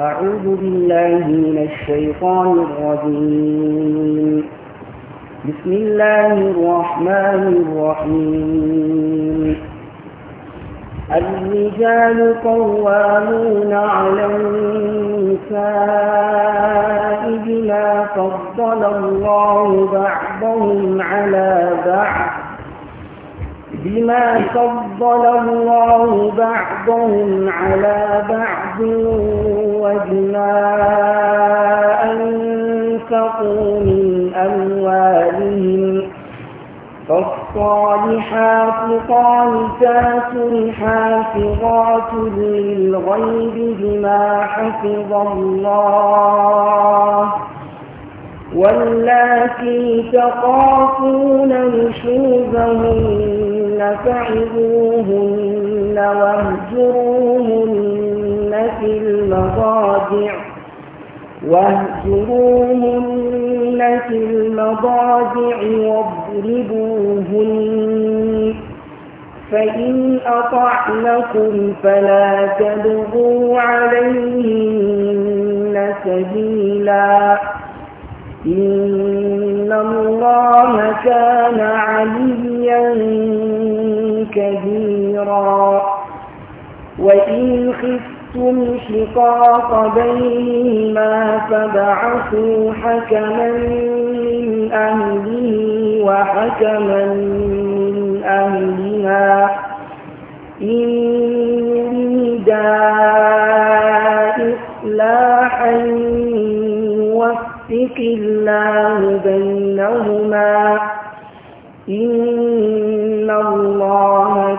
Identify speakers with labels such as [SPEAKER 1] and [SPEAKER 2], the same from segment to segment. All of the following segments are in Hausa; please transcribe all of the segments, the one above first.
[SPEAKER 1] أعوذ بالله من الشيطان الرجيم بسم الله الرحمن الرحيم الرجال قوامون على النساء بما فضل الله بعضهم على بعض بما فضل الله بعضهم على بعض وبما أنفقوا من أموالهم فالصالحات قانتات حافظات للغيب بما حفظ الله واللاتي تخافون نشوزهن فعظوهن واهجروهن في المضاجع واهجروهن في المضاجع واضربوهن فإن أطعنكم فلا تبغوا عليهن سبيلا إن الله كان عليا كبيرا وإن خفتم شقاق بينهما فبعثوا حكما من أهله وحكما من أهلها إن يريدا إصلاحا يوفق الله بينهما إن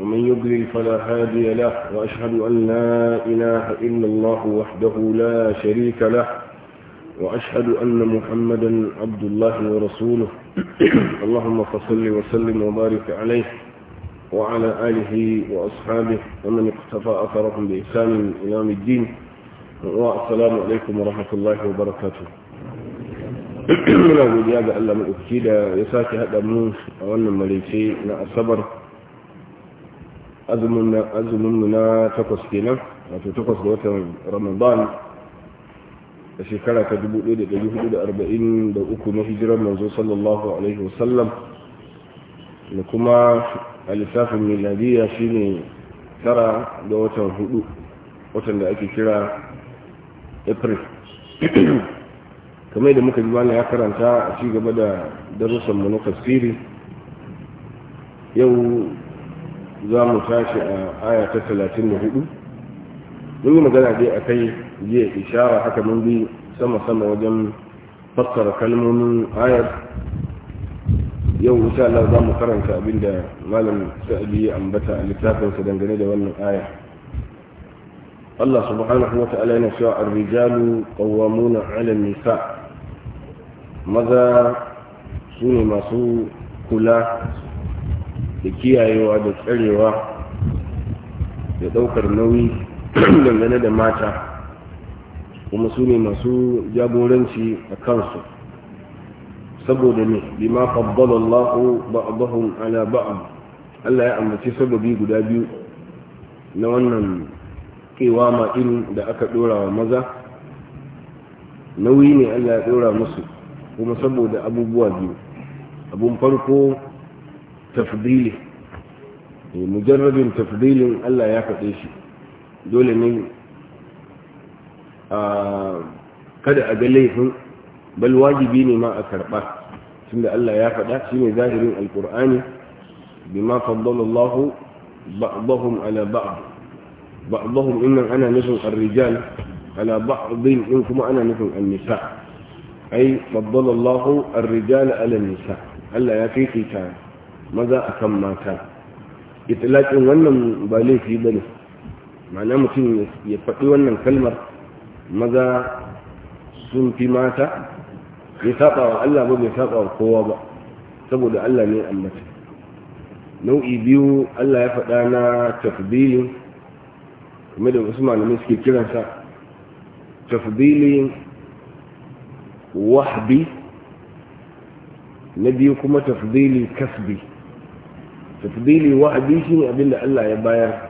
[SPEAKER 2] ومن يضلل فلا هادي له وأشهد أن لا إله إلا الله وحده لا شريك له وأشهد أن محمدا عبد الله ورسوله اللهم فصل وسلم وبارك عليه وعلى آله وأصحابه ومن اقتفى أثرهم بإحسان إلى الدين والسلام عليكم ورحمة الله وبركاته muna godiya ga Allah من da يساك هذا haɗa mu a wannan azumin na takwas kenan wato takwas ga watan ramadan da shekara ta 1443 na hijirar manzo sallallahu alaihi wasallam da kuma a lissafin miladiya shine tara da watan hudu watan da ake kira april kamar da muka ji bani ya karanta a cigaba da darussanmu na tafsiri yau za mu tashi a aya ta talatin da hudu mun yi magana dai a kai jiya ishara haka mun bi sama-sama wajen fassara kalmomin ayar yau insha Allah za mu karanta abinda da malam sa'adi ya ambata a littafinsa dangane da wannan aya Allah subhanahu wa ta'ala yana cewa ar-rijalu qawwamuna 'ala nisa maza su ne masu kula da kiyayewa da tsarewa da ɗaukar nauyi dangane da mata kuma su ne masu jagoranci a kansu saboda ne bima faddala Allah ba'dahum ala ba'd Allah ya ambaci sababi guda biyu na wannan kewa ma da aka ɗora wa maza nauyi ne Allah ya ɗora musu kuma saboda abubuwa biyu abun farko تفضيله مجرد تفضيل الا ياخذ شيء دول ني ا آه، قد اجليهم بل واجبين ما اكربا ثم الله يا فدا شنو ظاهر القران بما فضل الله بعضهم على بعض بعضهم ان انا نزل الرجال على بعض انكم انا نزل النساء اي فضل الله الرجال على النساء الله يا فيك كان maza a kan mata itilakin wannan ba laifi ba ne ma'ana mutum ya faɗi wannan kalmar maza sun fi mata bai saɓa wa Allah ba bai saɓa wa kowa ba saboda Allah ne ambata nau'i biyu Allah ya faɗa na tafbili kuma da wasu malami suke kiransa tafbili wahbi na biyu kuma tafbili kasbi tafdili wa'adi shi ne abinda Allah ya bayar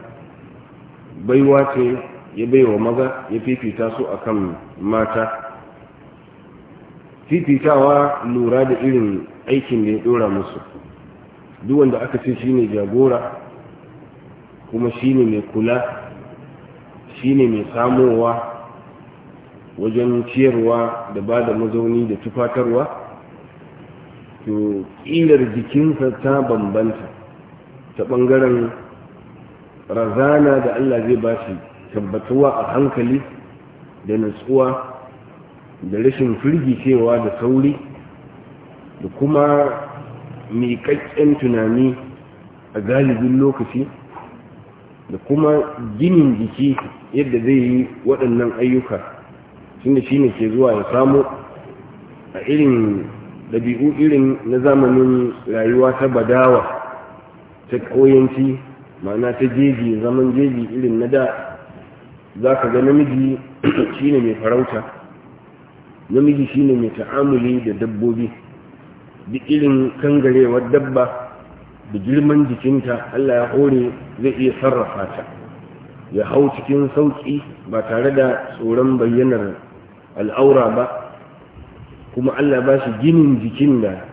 [SPEAKER 2] baiwa ce ya baiwa maza ya fifita su akan mata fifitawa lura da irin aikin da ya dora musu duk wanda aka ce shi ne jagora kuma shi ne mai kula shi ne mai samowa wajen ciyarwa da ba da mazauni da tufatarwa to ƙilar jikinsa ta bambanta ta ɓangaren razana da Allah zai ba shi tabbatuwa a hankali da nutsuwa da rashin firgicewa da sauri da kuma miƙaƙƙen tunani a galibin lokaci da kuma ginin jiki yadda zai yi waɗannan ayyuka shine shi ke zuwa ya samu a irin ɗabi'u irin na zamanin rayuwa ta badawa ta ƙauyanci ma'ana ta jeji zaman jeji irin na da za ka ga namiji shine mai farauta namiji shine mai ta'amuli da dabbobi duk irin kangarewar dabba da girman jikinta Allah ya hore zai iya sarrafa ta ya hau cikin sauki ba tare da tsoron bayyanar al'aura ba kuma Allah ba shi ginin jikin da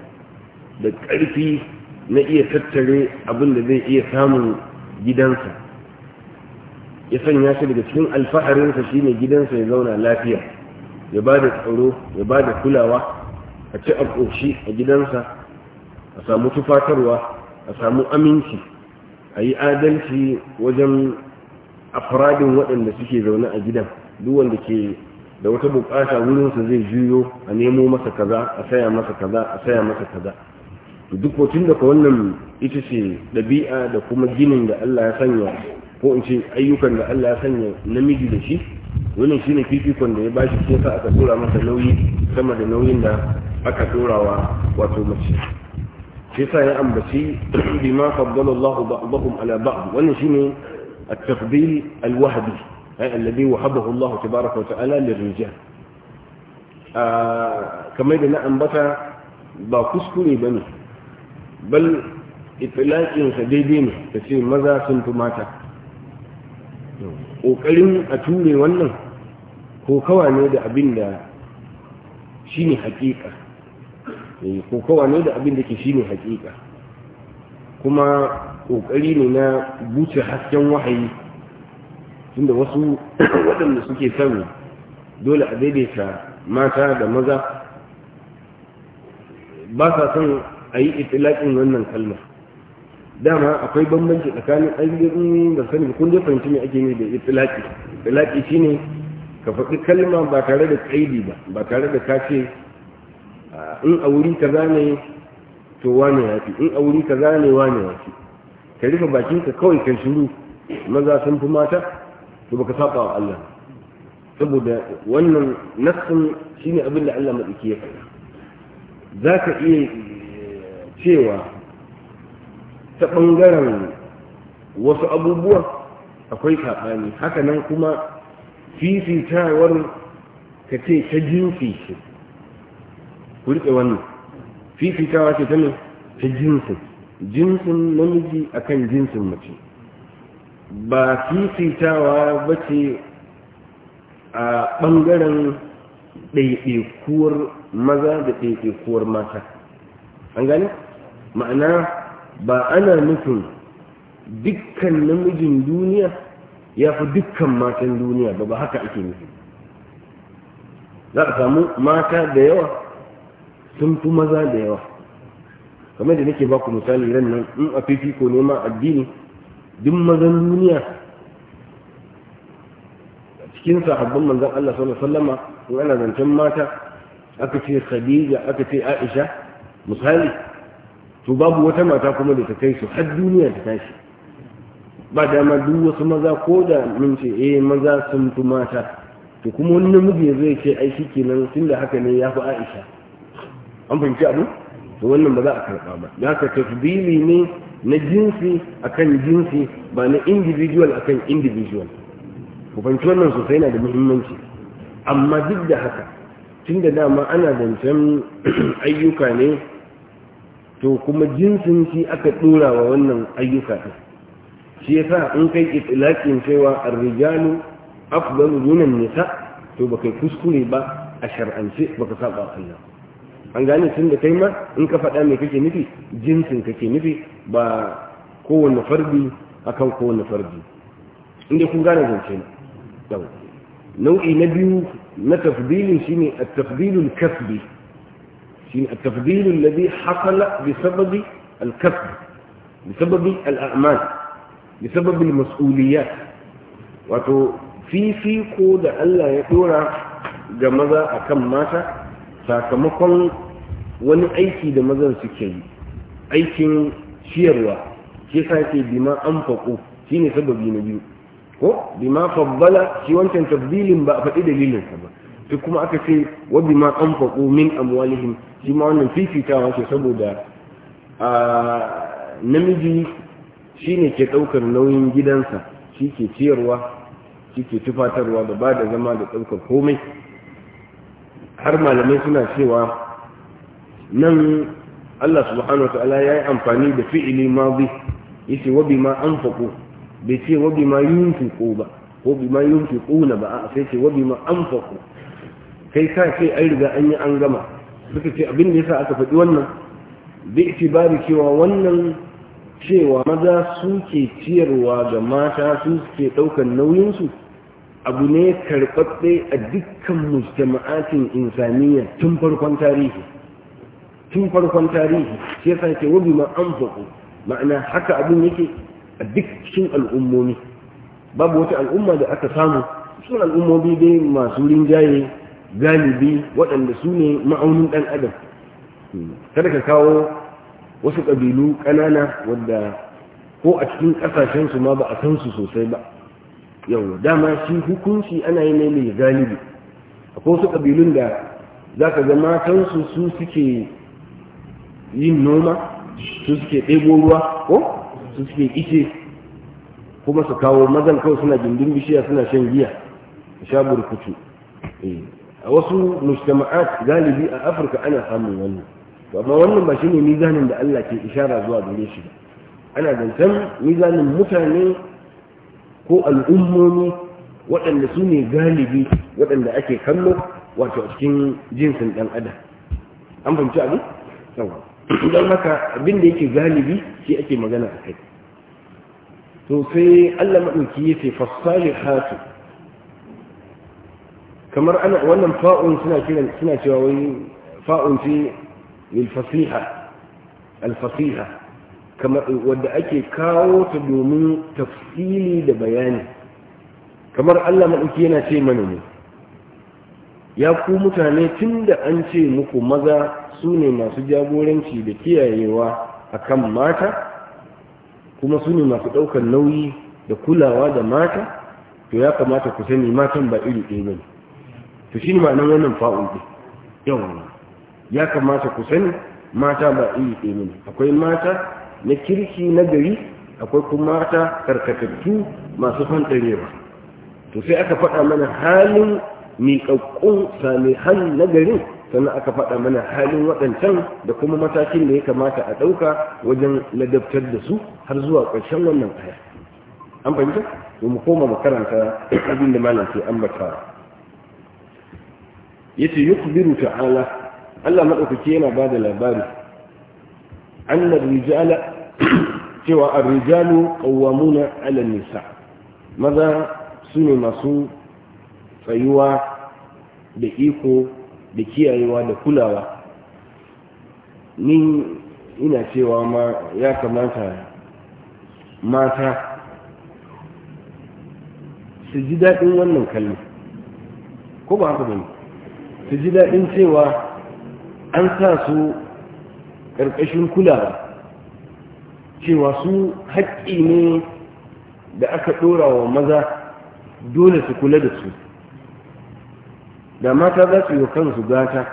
[SPEAKER 2] da ƙarfi na iya tattare abin da zai iya samun gidansa ya sanya shi daga cikin alfaharinsa shi ne gidansa ya zauna lafiya ya ba da tsaro ya ba da kulawa a ci a ƙoshi a gidansa a samu tufatarwa a samu aminci a yi adalci wajen afradin waɗanda suke zaune a gidan duk wanda ke da wata buƙata wurinsa zai juyo a nemo masa kaza a saya masa kaza a saya masa kaza duk hotun da wannan ita ce ɗabi'a da kuma ginin da Allah ya sanya ko in ce ayyukan da Allah ya sanya namiji da shi wannan shine fifikon da ya bashi shi sa aka tura masa nauyi sama da nauyin da aka wa wato mace Sai sa ya ambaci bima faddala Allah ba'dahum ala ba'd wannan shine at-tafdil al-wahdi ay alladhi wahabahu Allah tabaaraka wa ta'ala lirrijal ah, kamar da na ambata ba kuskure bane bal itilaƙinsa daidai ne ta ce maza sun fi mata ƙoƙarin a ture wannan ko kawa ne da abin da shi ne haƙiƙa eh, ko kawa ne da abin da ke shi ne haƙiƙa kuma ƙoƙari ne na buce hasken wahayi tunda wasu waɗanda suke sami dole a daidaita mata da maza ba sa son a yi itilaƙin wannan kalmar dama akwai bambanci tsakanin ainihin da sani kun dai fahimci me ake yi da itilaƙi itilaƙi shine ka faɗi kalma ba tare da ƙaidi ba ba tare da ka ce in a wuri kaza ne to wane ya fi in a wuri kaza ne wane ya fi ka rufe bakinka kawai kan shiru maza sun fi mata to baka saba wa Allah saboda wannan nassin shine abin da Allah madauki ya faɗa za ka iya cewa ta ɓangaren wasu abubuwa akwai saɓani nan kuma fifitawar ka ce ta jinsi shi ku riƙe wannan fifitawa ce ta ne ta jinsin jinsin namiji akan jinsin mace ba fifitawa ba ce a ɓangaren ɗaiɗaikuwar maza da ɗaiɗaikuwar mata an gane ma'ana ba ana nufin dukkan namijin duniya ya fi dukkan matan duniya ba ba haka ake nufi za a samu mata da yawa sun fi maza da yawa kamar da nake baku misali ran nan in a fifiko neman addini duk mazan duniya cikin sahabban manzan Allah sallallahu alaihi in ana zancen mata aka ce Khadija aka ce Aisha misali to babu wata mata kuma da ta kai su har duniya ta tashi ba dama duk wasu maza ko da mun ce eh maza sun fi mata to kuma wani namiji ya zai ce ai shi kenan tun da haka ne ya fi aisha an fahimci abu to wannan ba za a karɓa ba da haka tasbili ne na jinsi akan jinsi ba na individual akan individual ku fahimci wannan sosai na da muhimmanci amma duk da haka tun da dama ana zancen ayyuka ne to kuma jinsin shi aka dora wa wannan ayyuka ɗin shi yasa in kai itlaqin cewa ar-rijalu afdalu minan nisa to baka kuskure ba a shar'ance baka saba Allah an gane tun da kai ma in ka faɗa me kake nufi jinsin kake nufi ba kowanne fardi akan kowanne fardi inda kun gane zance ne nau'i na biyu na tafdilin shine at-tafdilul kasbi شين التفضيل الذي حصل بسبب الكسب بسبب الأعمال بسبب المسؤوليات wato fifiko da Allah ya ɗora ga maza akan mata sakamakon wani aiki da mazan suke yi aikin ciyarwa ke sake bima an faƙo shi sababi na biyu ko bima fabbala shi wancan tabbilin ba a faɗi dalilinsa ba sai kuma aka ce ma an faɗo min amwalihim shi ma wannan fifitawa ce saboda a namiji ne ke ɗaukar nauyin gidansa shi ke ciyarwa shi ke tufatarwa da ba da zama da ɗaukar komai har malamai suna cewa nan Allah subhanahu wa ta'ala ya yi amfani da fi'ili ce wabi ma an faɗo bai ce yi bima ko ba ko bima ba a sai ce ma an faɗo kai ka ce an riga an yi an gama suka ce abin da yasa aka faɗi wannan bi itibari cewa wannan cewa maza suke ciyarwa ga mata su suke ɗaukar nauyinsu abu ne karɓaɓɓe a dukkan mujtama'atin insaniya tun farkon tarihi tun farkon tarihi shi yasa ke wabi ma an ma'ana haka abin yake a dukkan al'ummomi babu wata al'umma da aka samu sun al'ummomi dai masu rinjaye galibi waɗanda su ne ma'aunin ɗan adam kada ka kawo wasu ƙabilu ƙanana wadda ko a cikin ƙasashensu ma ba a san su sosai ba yau dama shi hukunci ana yi ne mai galibi akwai wasu ƙabilun da za ka zama matansu su suke yin noma su suke ɗebo ruwa ko su suke ice kuma su kawo mazan kawai suna gindin bishiya suna shan giya sha burkutu eh. a wasu mujtama'at galibi a afirka ana samun wannan to amma wannan ba shi ne mizanin da Allah ke ishara zuwa gare shi ana zancen mizanin mutane ko al'ummomi waɗanda su ne galibi waɗanda ake kallo wato a cikin jinsin ɗan adam an fahimci abu yawa don haka abin da yake galibi shi ake magana a kai to sai Allah maɗauki ya ce kamar ana wannan fa'un suna kiran suna cewa wai fa'un ce lil fasiha al fasiha kamar wanda ake kawo ta domin tafsili da bayani kamar Allah madauki yana ce mana ne ya ku mutane tunda an ce muku maza su ne masu jagoranci da kiyayewa akan mata kuma su ne masu ɗaukar nauyi da kulawa da mata to ya kamata ku sani matan ba iri ɗaya ne to shi ne ba nan wannan fa'un din yawa ya kamata ku sani mata ba iri ɗaya akwai mata na kirki na gari akwai kuma mata karkatattu masu fantarewa to sai aka faɗa mana halin miƙaƙƙun hal na garin sannan aka faɗa mana halin waɗancan da kuma matakin da ya kamata a ɗauka wajen ladabtar da su har zuwa ƙarshen wannan aya an fahimta mu koma makaranta abin da malam ke ambata yace yukhbiru ta'ala Allah madaukake yana da labari anna rijala cewa ar-rijalu qawwamuna 'ala an-nisa maza sune masu tsayuwa da iko da kiyayewa da kulawa ni ina cewa ma ya kamata mata su ji daɗin wannan kalli ko ba haka bane su ji daɗin cewa an sa su ƙarƙashin kulawa cewa su haƙƙi ne da aka ɗora wa maza dole su kula da su da mata za su yi kansu gata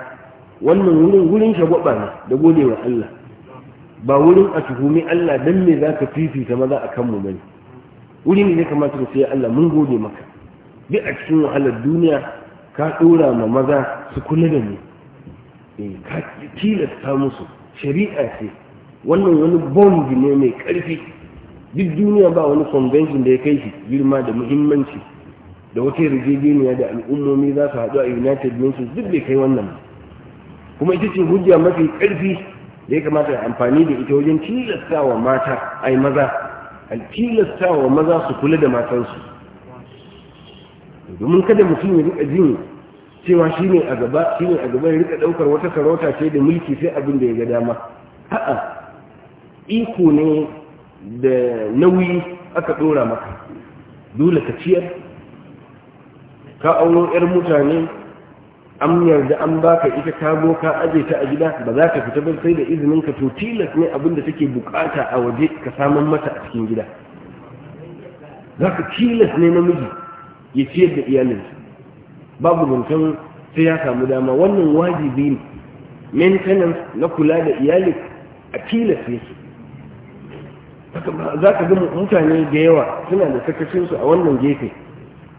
[SPEAKER 2] wannan wurin wurin shagwaba ne da gode wa Allah ba wurin a tuhumi Allah don me za ka fifita maza a kanmu ba ne wurin ne kamata ka sai Allah mun gode maka bi a cikin wahalar duniya ka ɗora ma maza su kula da mu eh, ka tilasta musu shari'a ce wannan wani bombi ne mai ƙarfi duk duniya ba wani convention da ya kai shi girma da muhimmanci da wata yarjejeniya da al'ummomi za su haɗu a united nations duk bai kai wannan ba. kuma ita ce hujja mafi ƙarfi da ya kamata a amfani da ita wajen tilasta wa mata ai maza al wa maza su kula da matansu domin kada mutum ya rika jin cewa shi ne a gaba shi ne a gaba ya rika daukar wata sarauta ce da mulki sai abin da ya ga dama a'a iko ne da nauyi aka dora maka dole ka ciyar ka auno yar mutane an yarda an baka ita ka kago ka aje ta a gida ba za ka fita ba sai da izinin ka to tilas ne abin da take bukata a waje ka saman mata a cikin gida za ka tilas ne namiji ya ciyar da iyalinsa babu mutum sai ya samu dama wannan wajibi ne maintenance na kula da iyali a tilasta yake za ka ga mutane da yawa suna da sakacinsu a wannan gefe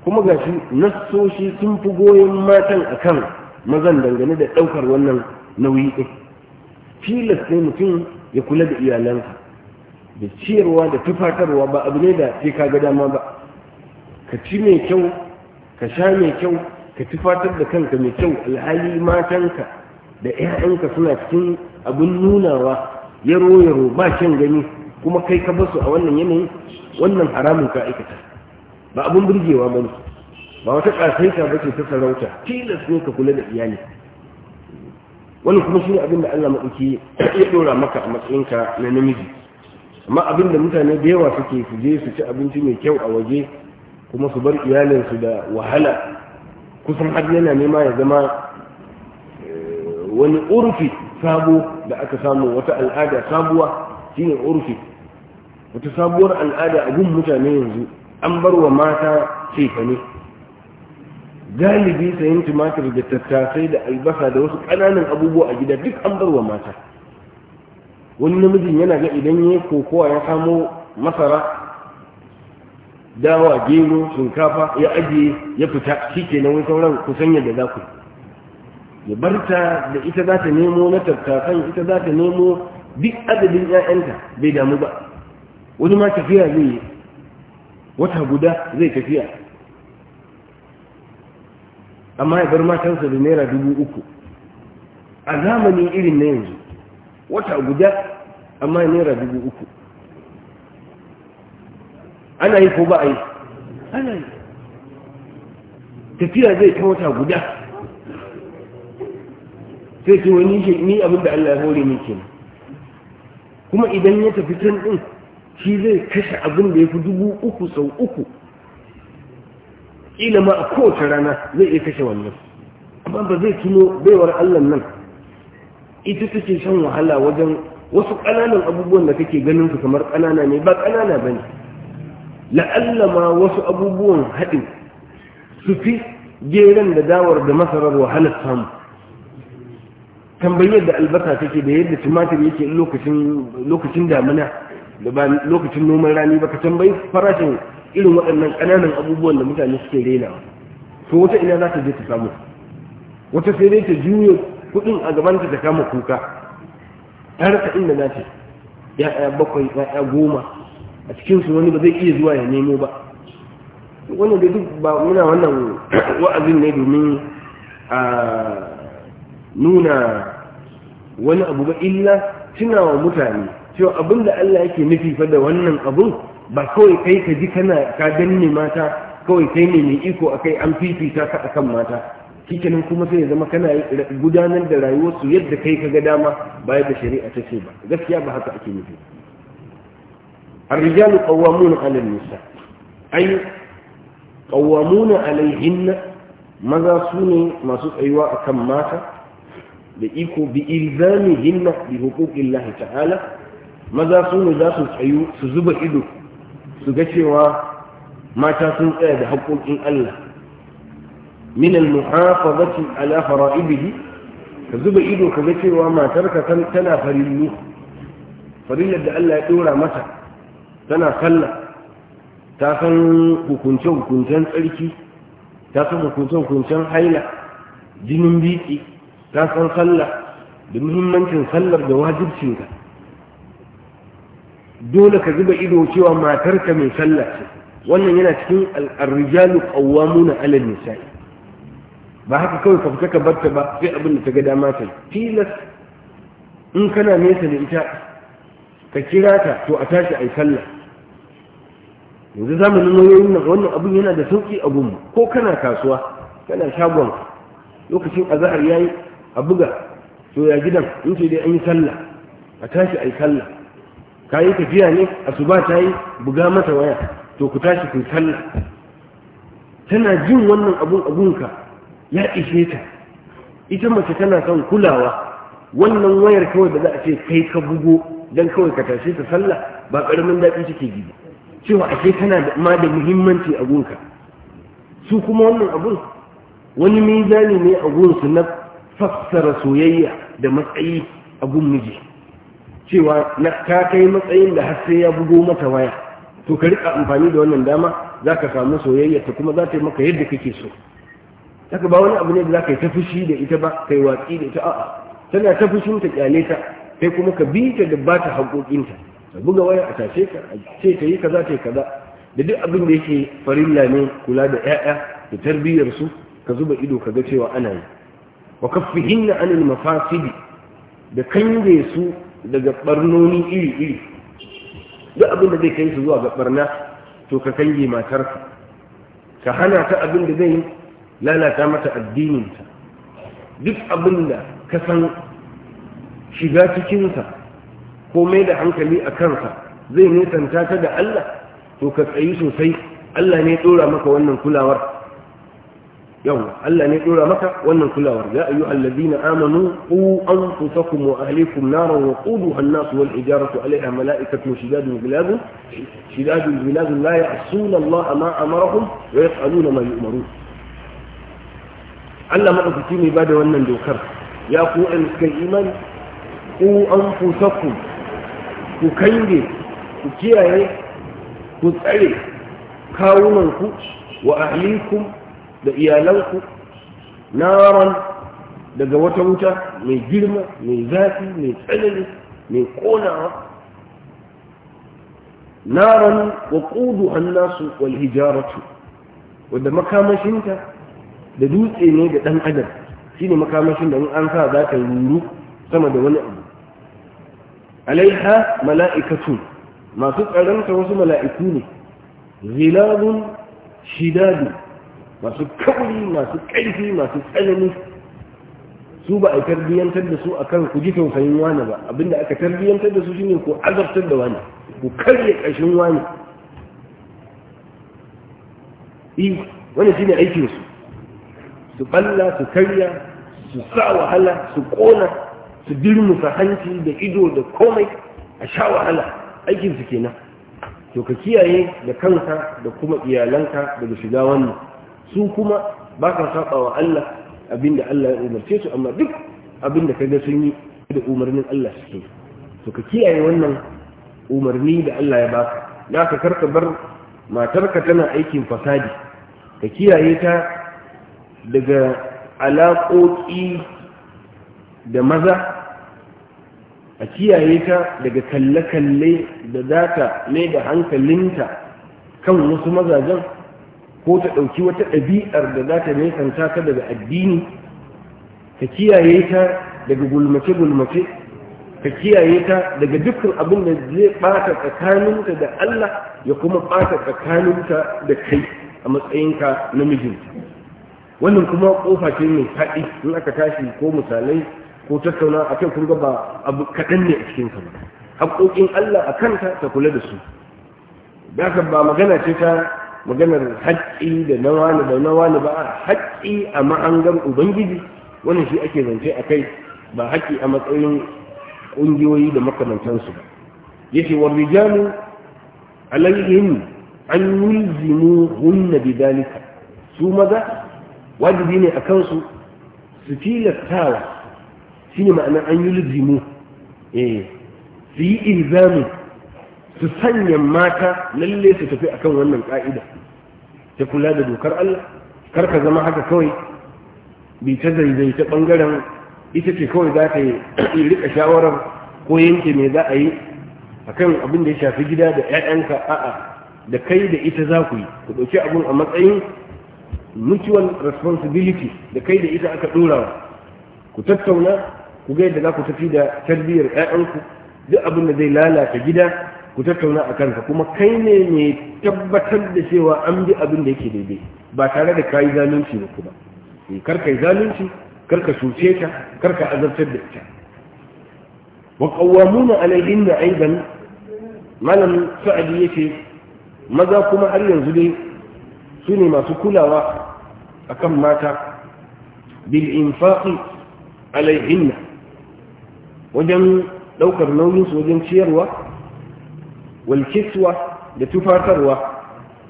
[SPEAKER 2] kuma ga shi nassoshi sun fi goyon matan a kan mazan dangane da ɗaukar wannan nauyi ɗin tilas ne mutum ya kula da iyalansa da ciyarwa da tufatarwa ba abu ne da sai ka ga dama ba ka ci mai kyau ka sha mai kyau ka ci fatar da kanka mai kyau alhali matanka da 'ya'yanka suna cikin abin nunawa yaro yaro ba kyan gani kuma kai ka basu a wannan yanayi wannan haramun ka aikata ba abin burgewa ba ne ba wata ƙasaita ba ce ta sarauta tilas ne ka kula da iyali wani kuma shi ne abin da allah maɗauki ya ɗora maka a matsayinka na namiji amma abin da mutane da yawa suke su je su ci abinci mai kyau a waje kuma su bar iyalinsu da wahala kusan har yana nema ya zama eh, wani urfi sabo da aka samu wata al'ada sabuwa shine urfi wata sabuwar al'ada a gun mutane yanzu an bar wa mata cefa ne galibi sayin tumatir da tattasai da albasa da wasu ƙananan abubuwa a gida duk an bar wa mata wani namijin yana ga idan ya kokowa ya samo masara dawa gero shinkafa ya ajiye ya fita shi ke nan sauran kusan yadda za ku ya barta da ita za ta nemo na tattakan ita za ta nemo duk adadin 'ya'yanta bai damu ba wani ma tafiya zai yi wata guda zai tafiya amma ya bar matansa da naira dubu uku a zamanin irin na yanzu wata guda amma naira dubu uku ana yi ko ba a yi ana yi tafiya zai ta wata guda sai ce wani shi ni abinda Allah ya hore ni kenan kuma idan ya tafi can din shi zai kashe abin da ya fi dubu uku sau uku ila ma a kowace rana zai iya kashe wannan amma ba zai tuno baiwar Allah nan ita take shan wahala wajen wasu ƙananan abubuwan da kake ganin su kamar ƙanana ne ba ƙanana ba ne la'allama wasu abubuwan haɗin su fi geren da dawar da masarar wahalar samu tambayar da albasa take da yadda tumatir yake lokacin damina da ba lokacin noman rani ba ka tambayi farashin irin waɗannan ƙananan abubuwan da mutane suke rena to wata ina za ta je ta samu wata sai dai ta juya kuɗin a gabanta ta kama kuka ta rasa inda na ce ya'ya bakwai ya'ya goma a cikinsu wani ba zai iya zuwa ya nemo ba wannan da duk ba muna wannan wa'azin ne domin a nuna wani abu ba illa wa mutane cewa abin da Allah yake nufi fa da wannan abu ba kawai kai ka ji kana ka danne mata kawai kai ne mai iko akai an fifita ka akan mata kikenan kuma sai ya zama kana gudanar da rayuwarsu yadda kai ka ga dama ba da shari'a ta ce ba gaskiya ba haka ake nufi الرجال قوامون على النساء أي قوامون عليهن ماذا سوني ما سوء أيواء كم مات بإيكو بإلزامهن بحقوق الله تعالى ماذا سوني ذات الحيو سزوب ايدو سجتي و ما تاسم إيه حقوق الله من المحافظة على فرائبه سزوب إدو كجتي وما ترك تلا فريلي فريلي دعلا يقول متى tana sallah ta san hukunce-hukuncen tsarki ta san hukunce-hukuncen haila jinin biki ta san sallah da muhimmancin sallar da wajibcinka dole ka zuba ido cewa matarka mai sallah ce wannan yana cikin al'arrijalu qawwamuna 'ala nisa'i ba haka kawai ka fita ka barta ba sai abin da ta ga dama ta tilas in kana nesa da ita ka kira ta to a tashi a yi sallah yanzu zamanin nauyoyin nan wannan abun yana da sauki a ko kana kasuwa kana shagon lokacin azahar yi a buga to ya gidan in ce dai an yi sallah a tashi a yi sallah ka yi tafiya ne a ba ta yi buga mata waya to ku tashi ku sallah tana jin wannan abun abunka ya ishe ta ita mace tana son kulawa wannan wayar kawai da za a ce kai ka bugo dan kawai ka tashi ta sallah ba karamin daɗi take gidi cewa ake kana ma da muhimmanci a gunka su kuma wannan abun wani mizani ne a gunsu na fassara soyayya da matsayi a gun miji cewa na ka kai matsayin da har sai ya bugo mata waya to ka rika amfani da wannan dama za ka samu soyayya ta kuma za ta yi maka yadda kake so haka ba wani abu ne da za ka yi ta fushi da ita ba kai watsi da ita a'a tana ta fushin ta kyale ta sai kuma ka bi ta da ba ta ka buga waya a tashe ka ce ta yi kaza ta yi kaza da duk abin da yake farilla ne kula da 'ya'ya da tarbiyyar su ka zuba ido ka ga cewa ana yi wa kaffihinna anil mafasidi da kange su daga barnoni iri-iri duk abin da zai kai su zuwa ga barna to ka kange matarka ka hana ta abin da zai lalata mata addinin ta duk abin da ka san shiga cikinsa ko mai da hankali a kansa zai nesanta ta da Allah to ka tsayi sosai Allah ne dora maka wannan kulawar yawa Allah ne dora maka wannan kulawar ya ayu allazina amanu qu anfusakum wa ahlikum naran wa quduha an-nas wal ijaratu alayha malaikatu shidadun gilad shidadun gilad la ya'suna Allah ma amarahum wa yaf'aluna ma yu'marun Allah madaukaki ne ba da wannan dokar ya ku an kai imani ku an fusa ku ku kange ku kiyaye ku tsare kawunanku wa ahlikum da iyalanku naran daga wata wuta mai girma mai zafi mai tsanani mai konawa naran wa kudu hannasu wal hijaratu wadda makamashinta da dutse ne da ɗan adam shine makamashin da in an sa za ta ruru sama da wani abu alaiha mala'ikatu masu tsaranta wasu mala'iku ne Zilabun shidadu masu kauri masu ƙarfi masu tsanani su ba a tarbiyyantar da su a kan ku ji tausayin wani ba abinda aka tarbiyyantar da su shine ku azabtar da wani ku karye ƙashin wani wani shine aikinsu su su balla su karya su sa wahala su kona su dirmusa hanci da ido da komai a sha wahala aikin su kenan to ka kiyaye da kanka da kuma iyalanka daga shiga wannan su kuma ba ka saba wa Allah abinda Allah ya umarce su amma duk abinda ka ga sun yi da umarnin Allah suke to ka kiyaye wannan umarni da Allah ya baka da ka karka bar matarka tana aikin fasadi ka kiyaye ta daga alaƙoƙi da maza a kiyaye ta daga kalle-kalle da za ta mai da hankalinta kan wasu mazajen ko ta ɗauki wata ɗabi'ar da za ta nesanta ta daga addini ka kiyaye ta daga gulmace-gulmace ka kiyaye ta daga dukkan abin da zai ɓata tsakaninta da Allah ya kuma ɓata tsakaninta da kai a matsayinka namijin wannan kuma ƙofa ce mai faɗi in aka tashi ko misalai ko tattauna a kan kun ba abu kaɗan ne a cikin ba haƙoƙin Allah a kanka ta kula da su da ba magana ce ta maganar haƙƙi da na wani da na ba haƙƙi a ma'angar ubangiji wannan shi ake zance a kai ba haƙƙi a matsayin ƙungiyoyi da makamantansu ba yace wa rijalu alayhim an yulzimu hunna bidalika su maza wajibi ne a kansu su tilastawa shine ma'ana an yi lizimu eh su yi ilzami su sanya mata lalle su tafi akan wannan ƙa'ida. ta kula da dokar Allah kar ka zama haka kawai bi ta zaizai ta bangaren ita ce kawai za ta yi rika shawarar ko yanke me za a yi akan abin da ya shafi gida da 'ya'yanka a'a da kai da ita za ku yi ku ɗauki abin a matsayin mutual responsibility da kai da ita aka ɗora ku tattauna ku ga yadda za ku tafi da tarbiyyar 'ya'yanku duk abin da zai lalata gida ku tattauna a kanka kuma kai ne mai tabbatar da cewa an bi abin da yake daidai ba tare da kayi zalunci ba kuma eh, kar kai zalunci kar ka cuce ta kar ka azabtar da ita wa qawwamuna alayhin aidan malam sa'adi yake maza kuma har yanzu dai su ne masu kulawa akan mata bil infaqi alayhinna wajen ɗaukar nauyinsu wajen ciyarwa walkiswa da tufatarwa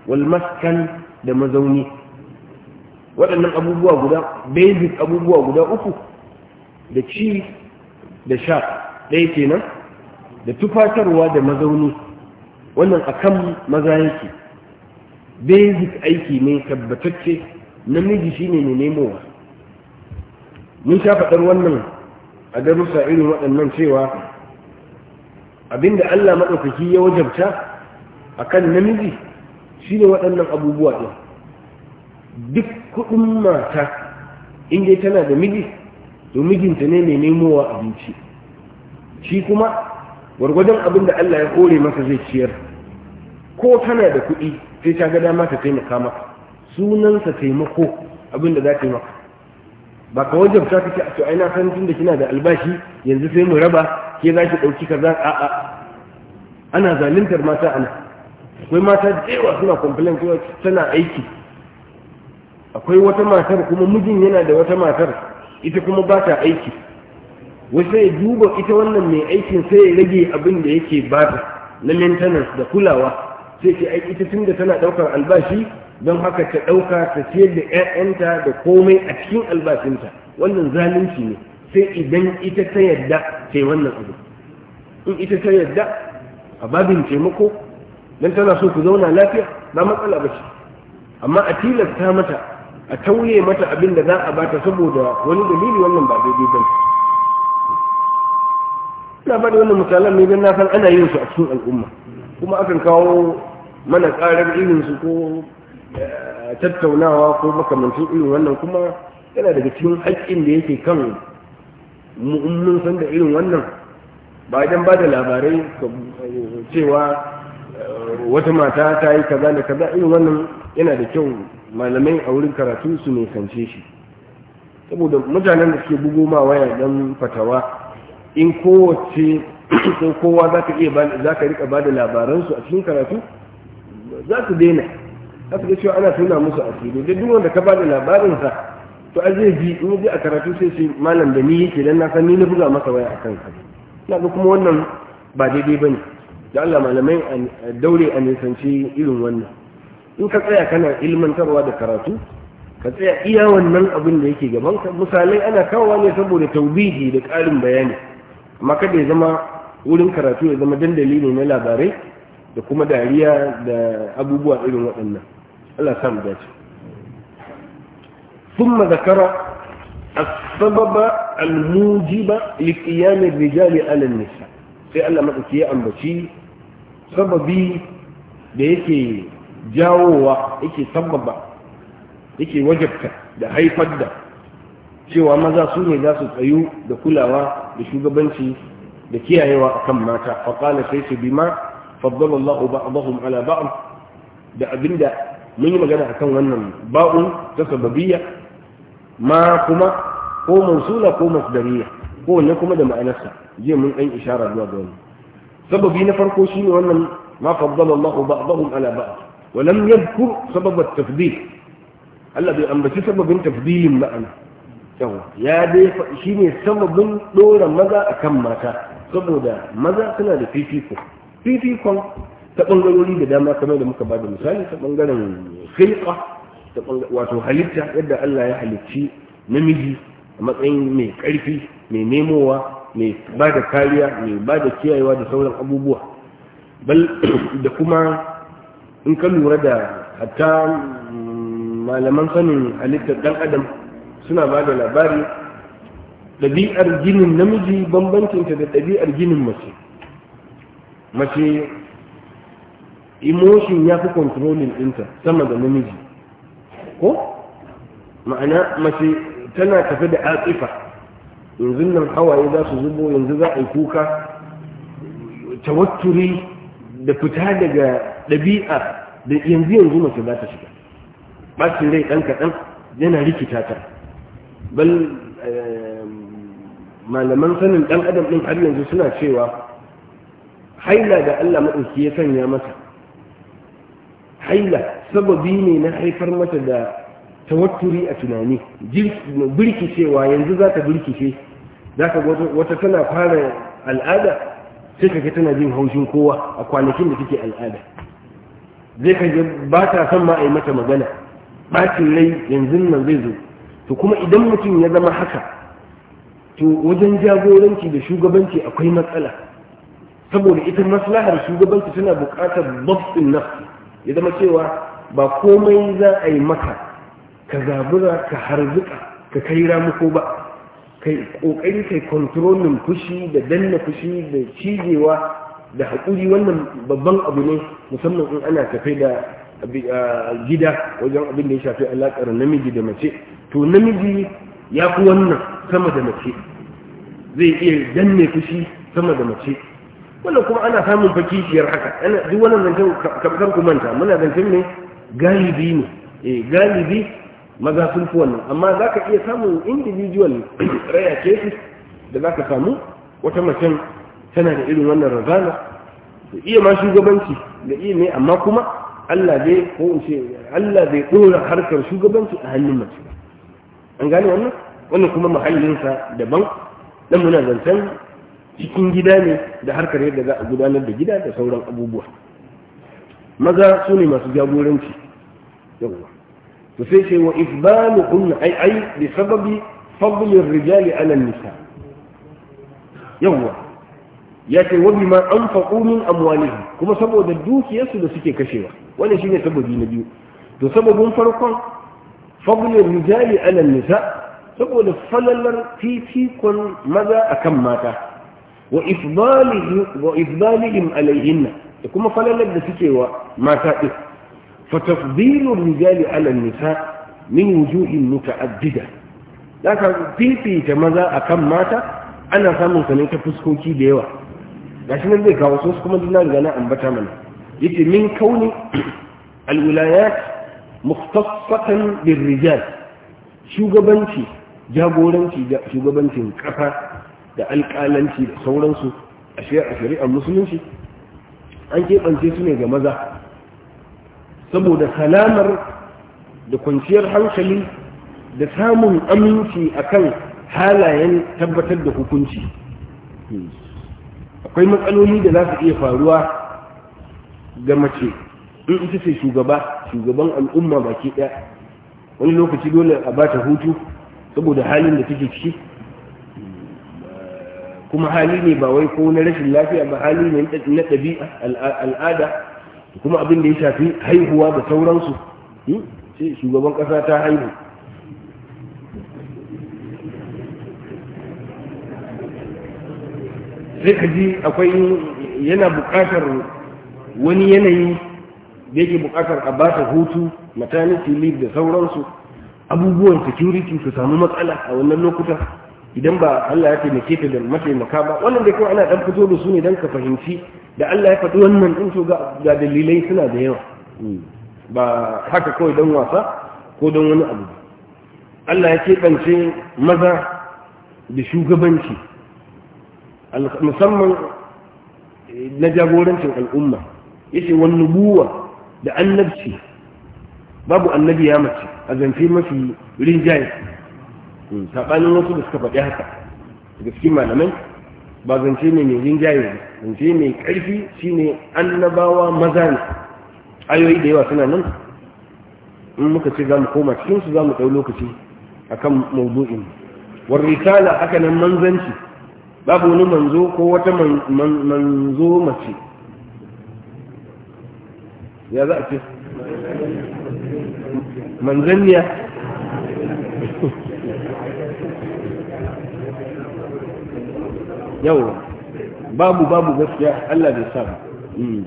[SPEAKER 2] walmaskan da mazauni waɗannan abubuwa guda basic abubuwa guda uku da ci da sha ɗaya kenan da tufatarwa da mazauni wannan akan maza yake basic aiki ne tabbatacce namiji shine ne nemowa mun sha faɗar wannan a darussa irin waɗannan cewa abinda Allah maɗaukaki ya wajabta a kan namiji shine ne waɗannan abubuwa din. duk kuɗin mata inda tana da miji to mijinta ne mai nemowa abinci shi kuma gwargwadon abin da Allah ya kore masa zai ciyar ko tana da kuɗi sai ta ga dama ta taimaka maka sunansa taimako abin da za ta yi maka ba ka wajen ka kake a ina san tun kina da albashi yanzu sai mu raba ke za ki dauki kaza a a ana zaluntar mata ana akwai mata da yawa suna complain cewa tana aiki akwai wata matar kuma mijin yana da wata matar ita kuma ba ta aiki wasu ya duba ita wannan mai aikin sai ya rage abin da yake bata na maintenance da kulawa sai ke aiki ita tun da tana ɗaukar albashi don haka ta ɗauka ta siyar da 'ya'yanta da komai a cikin albashinta wannan zalunci ne sai idan ita ta yadda ta wannan abu in ita ta yadda a babin taimako don tana so ku zauna lafiya ba matsala ba ce amma a tilasta mata a tauye mata abin da za a bata saboda wani dalili wannan ba daidai ba ina ba wannan misalan ne don na san ana yin su a cikin al'umma kuma akan kawo mana karar irinsu ko Eh, tattaunawa ko makamancin irin wannan kuma yana daga cikin haƙƙin da yake kan mu'ummin san da irin wannan ba idan ba da labarai eh, cewa eh, wata mata ta yi kaza da kaza irin wannan yana da kyau malamai a wurin karatu su kance shi saboda mutanen da suke bugo ma waya don fatawa in kowace ko kowa za ka iya rika ba da labaransu a cikin karatu za su daina aka ga cewa ana tuna musu asiri da duk wanda ka bada labarin sa to a zai ji in ji a karatu sai sai malam da ni yake dan na san ni na buga masa waya akan ka ina ga kuma wannan ba daidai bane da Allah malamai daure a nisanci irin wannan in ka tsaya kana ilmantarwa da karatu ka tsaya iya wannan abin da yake gaban ka misalai ana kawowa ne saboda taubihi da ƙarin bayani amma kada ya zama wurin karatu ya zama dandali ne na labarai da kuma dariya da abubuwa irin waɗannan Allah samu dace ثم ذكر السبب الموجب لقيام الرجال على النساء sai Allah maɗauki ya ambaci sababi da yake jawowa yake sababa yake wajabta da haifar da cewa maza su ne za su tsayu da kulawa da shugabanci da kiyayewa akan mata faƙala sai su bima faddala Allah ba'dahum ala da abinda mun yi magana akan wannan ba'un ta sababiyya ma kuma ko mansula ko masdariya ko wanne kuma da ma'anarsa je mun dan isharar zuwa ga wannan sababi na farko shine wannan ma faddala Allah ba'dahum ala ba'd wa lam yadhkur sabab at-tafdil Allah bai ambaci sababin tafdilin ma'ana yawa ya dai shine sababin dora maza akan mata saboda maza suna da fifiko fifikon ta ɓangarori da dama kamar da muka bada misali ta ɓangaren khilqa wato halitta yadda Allah ya halicci namiji a matsayin mai ƙarfi mai nemowa mai ba da kariya mai ba da kiyayewa da sauran abubuwa bal da kuma in ka lura da hatta malaman sanin halittar dan adam suna ba da labari ɗabi'ar ginin namiji bambancinta da ɗabi'ar ginin mace mace emotion ya fi controlling ɗinta sama da namiji ko ma'ana mace tana tafi da atsifa yanzu nan hawaye za su zubo yanzu za a yi kuka tawatturi da fita daga ɗabi'a da yanzu yanzu mace za ta shiga bacin rai ɗan kaɗan yana rikita ta bal eh, malaman sanin ɗan adam ɗin har yanzu suna cewa haila da allah maɗauki ya sanya masa haila sababi ne na haifar mata da tawatturi a tunani birkicewa yanzu za ta birkice za ka wata tana fara al'ada sai ka tana jin haushin kowa a kwanakin da take al'ada zai ka ba ta son ma a yi mata magana bacin rai yanzu nan zai zo to kuma idan mutum ya zama haka to wajen jagoranci da shugabanci akwai matsala saboda ita maslahar shugabanci tana buƙatar babtin nafsi ya zama cewa ba komai za a yi maka ka zabura ka harzuka ka kai ramuko ba kai kokari kai kontrolin fushi da danna fushi da cijewa da haƙuri wannan babban abu ne musamman in ana tafe da gida wajen abin da ya shafi alaƙar namiji da mace to namiji ya fi wannan sama da mace zai iya danne fushi sama da mace wannan kuma ana samun fakishiyar haka ana duk wannan zancen kamkar ku manta muna zancen ne galibi ne eh galibi maza sun fi wannan amma za ka iya samun individual raya cases da za ka samu wata macen tana da irin wannan razana da iya ma shugabanci da iya ne amma kuma Allah zai ko in ce Allah zai dora harkar shugabanci a hannun mace an gane wannan wannan kuma mahallinsa daban dan muna zancen cikin gida ne da harkar yadda za a gudanar da gida da sauran abubuwa maza su ne masu jagoranci yawwa to sai ce wa isbalu kunna ai ai bi sababi fadlin rijali ala nisa yawwa ya ce wa bima anfaqu min amwalihim kuma saboda dukiyarsu da suke kashewa wannan shine sababi na biyu to sababin farkon fadlin rijali ala nisa saboda falalar fifikon maza akan mata wa ifdalihim alaihinna da kuma falalar da suke wa mata ɗin fa rijali ala nisa min wujuhin muta'addida da ka fifita maza akan mata ana samun sa ne ta fuskoki da yawa gashi nan zai kawo su kuma dina gana ambata mana yace min kauni alwilayat mukhtassatan birrijal shugabanci jagoranci da shugabancin kafa da alƙalanci da sauransu a shari'ar musulunci an keɓance su ne ga maza saboda salamar da kwanciyar hankali da samun aminci akan halayen tabbatar da hukunci akwai matsaloli da za su iya faruwa ga mace in ita ce shugaba shugaban al'umma baki ɗaya wani lokaci dole a bata hutu saboda halin da take ciki kuma hali ne ba wai ko na rashin lafiya ba hali ne na ɗabi'a al'ada kuma abin da ya shafi haihuwa da sauransu hmm? sai shugaban ƙasa ta haihu sai ka ji akwai yana buƙatar wani yanayi da yake buƙatar a ba ta hutu maternity leave da sauransu abubuwan security su samu matsala a wannan lokuta idan ba Allah ya taimake ta da mataimaka ba wannan da kuma ana dan fito da su ne dan ka fahimci da Allah ya faɗi wannan din to ga dalilai suna da yawa hmm. ba haka kawai dan wasa ko dan wani abu Allah ya keɓance maza da shugabanci musamman eh, na jagorancin al'umma yace wani nubuwa da annabci babu annabi ya mace a zance mafi rinjaye Eh, saɓanin wasu da suka faɗi haka daga cikin malamai ba zance ne mai rinjaye zance mai ƙarfi shine annabawa maza ne ayoyi da yawa suna nan in muka ce za mu koma cikinsu za mu ɗau lokaci a kan mawudu'in war risala aka nan manzanci babu wani manzo ko wata manzo mace ya za a ce manzanniya Yau, babu babu gaskiya Allah bai sa mm.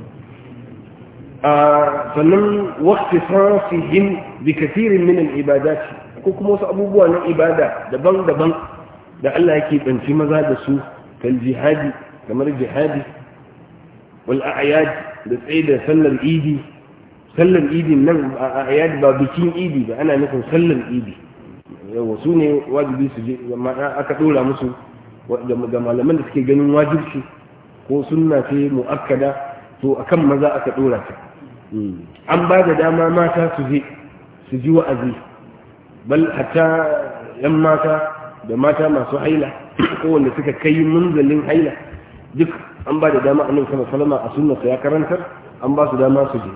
[SPEAKER 2] a ah, sannan waqti sarfihim bi kathirin min al ko kuma wasu abubuwa na ibada daban-daban da Allah yake banci maza da su kan jihadi kamar jihadi wal da tsaye da sallar idi sallar idin nan a a'yad ba bikin idi ba ana nufin sallar idi Yau wasu ne wajibi su je aka dora musu ga malaman da suke ganin wajibci ko suna ce mu'akkada to kan maza aka dora ta hmm. an ba da dama mata su je su ji wa'azi bal hatta yan mata da mata masu haila ko wanda suka kai munzalin haila duk an ba da dama a nan kama wasallam a sunnarsa ya karantar an ba su dama su je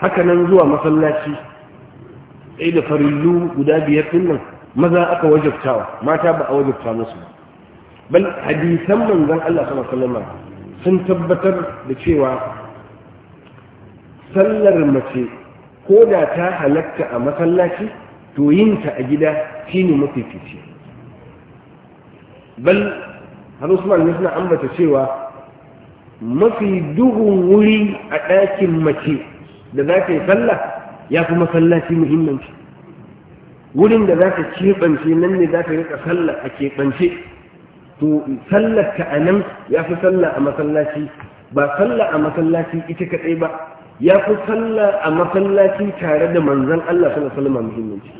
[SPEAKER 2] haka nan zuwa masallaci sai da farillu guda biyar din nan maza aka wajabtawa mata ba a wajabta musu ba bal hadisan manzon Allah sallallahu alaihi wasallam sun tabbatar da cewa sallar mace ko da ta halatta a masallaci to yin ta a gida shine mafifici bal har Usman ne suna ambata cewa mafi duhun wuri a ɗakin mace da za ta yi sallah ya fi masallaci muhimmanci wurin da za ka keɓance nan ne za ka rika sallah a keɓance to sallar ka a nan ya fi sallah a masallaci ba sallar a masallaci ita kaɗai ba ya fi sallar a masallaci tare da manzan Allah suna salama muhimmanci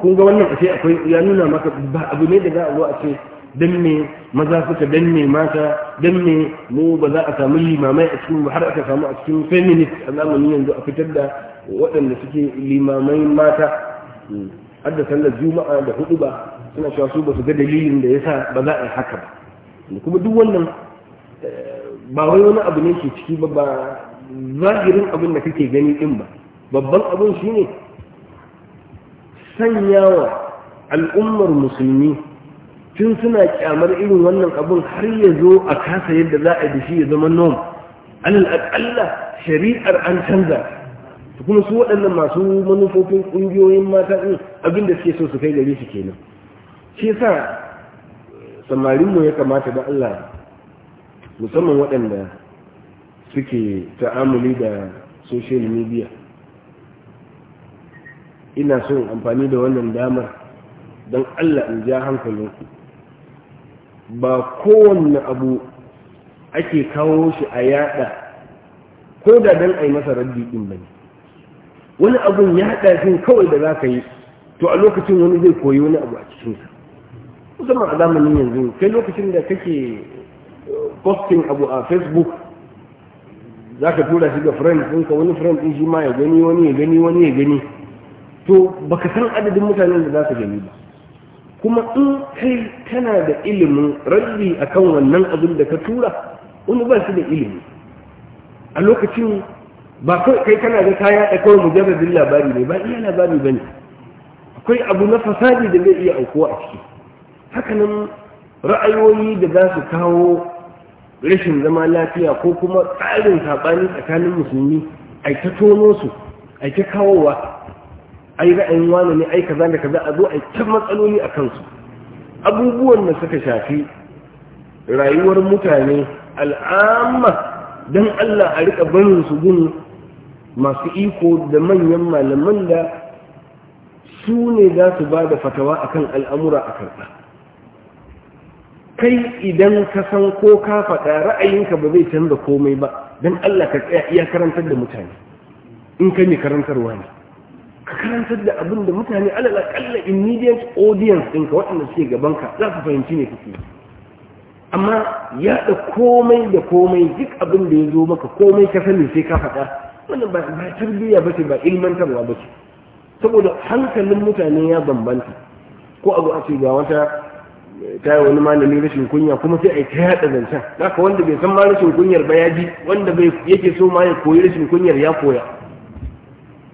[SPEAKER 2] kun ga wannan ashe akwai ya nuna maka ba abu ne da za a zo a ce dan me maza suka dan me mata dan me mu ba za a samu limamai a cikin har aka samu a cikin feminist a zamani yanzu a fitar da waɗanda suke limamai mata hmm. har da sallar juma'a da hudu ba suna cewa su ba su ga dalilin da sa ba za a yi haka ba da kuma duk wannan eh, ba wai wani abu ne ke ciki ba ba zahirin abin da kake gani din ba babban abin shine sanyawa al'ummar musulmi tun suna kyamar irin wannan abin har ya zo a kasa yadda za a da shi ya zama nom alal akalla shari'ar an canza kuma su waɗannan masu manufofin ƙungiyoyin mata ɗin abin da suke so su kai gare shi kenan shi sa samarinmu ya kamata da Allah musamman waɗanda suke ta'amuli da social media ina son amfani da wannan damar don Allah in ja hankalinku ba kowanne abu ake kawo shi a yada ko da dan a yi masa raddi ɗin ba ne wani abun ya haɗa shi kawai da za ka yi to a lokacin wani zai koyi wani abu a cikinsa musamman a zamanin yanzu kai lokacin da kake posting abu a facebook za ka tura shi ga friend ka wani friend in shi ma ya gani wani ya gani wani ya gani to baka san adadin mutanen da za ka gani ba kuma in kai kana da ilimin rabbi akan wannan abin da ka tura wani ba su da ilimi a lokacin ba kai kana da kaya da kawai mujarradin labari ne ba iya labari ba ne akwai abu na fasadi da zai iya aukuwa a ciki hakanin ra'ayoyi da za su kawo rashin zama lafiya ko kuma tsarin saɓani tsakanin musulmi a ta tono su a ta kawowa ai ra'ayin wani ne ai kaza da kaza a zo a ta matsaloli a kansu abubuwan da suka shafi rayuwar mutane al'amma don Allah a riƙa barin su gini masu iko da manyan malaman da su ne za su ba da fatawa akan al'amura a karɓa kai idan ka san ko ka faɗa ra'ayinka ba zai canza komai ba don Allah ka tsaya iya karantar da mutane in kai ne karantarwa ne ka karantar da abin da mutane alal akalla immediate audience ɗinka waɗanda suke gabanka za su fahimci ne kake amma ya da komai da komai duk abin da ya zo maka komai ka sani sai ka faɗa wannan ba tarbiyya ba ce ba ilmantarwa ba ce saboda hankalin mutane ya bambanta ko abu a ce ga wata ta yi wani malami rashin kunya kuma sai a yi ta yaɗa zancen haka wanda bai san ma rashin kunyar ba ya ji wanda bai yake so ma ya koyi rashin kunyar ya koya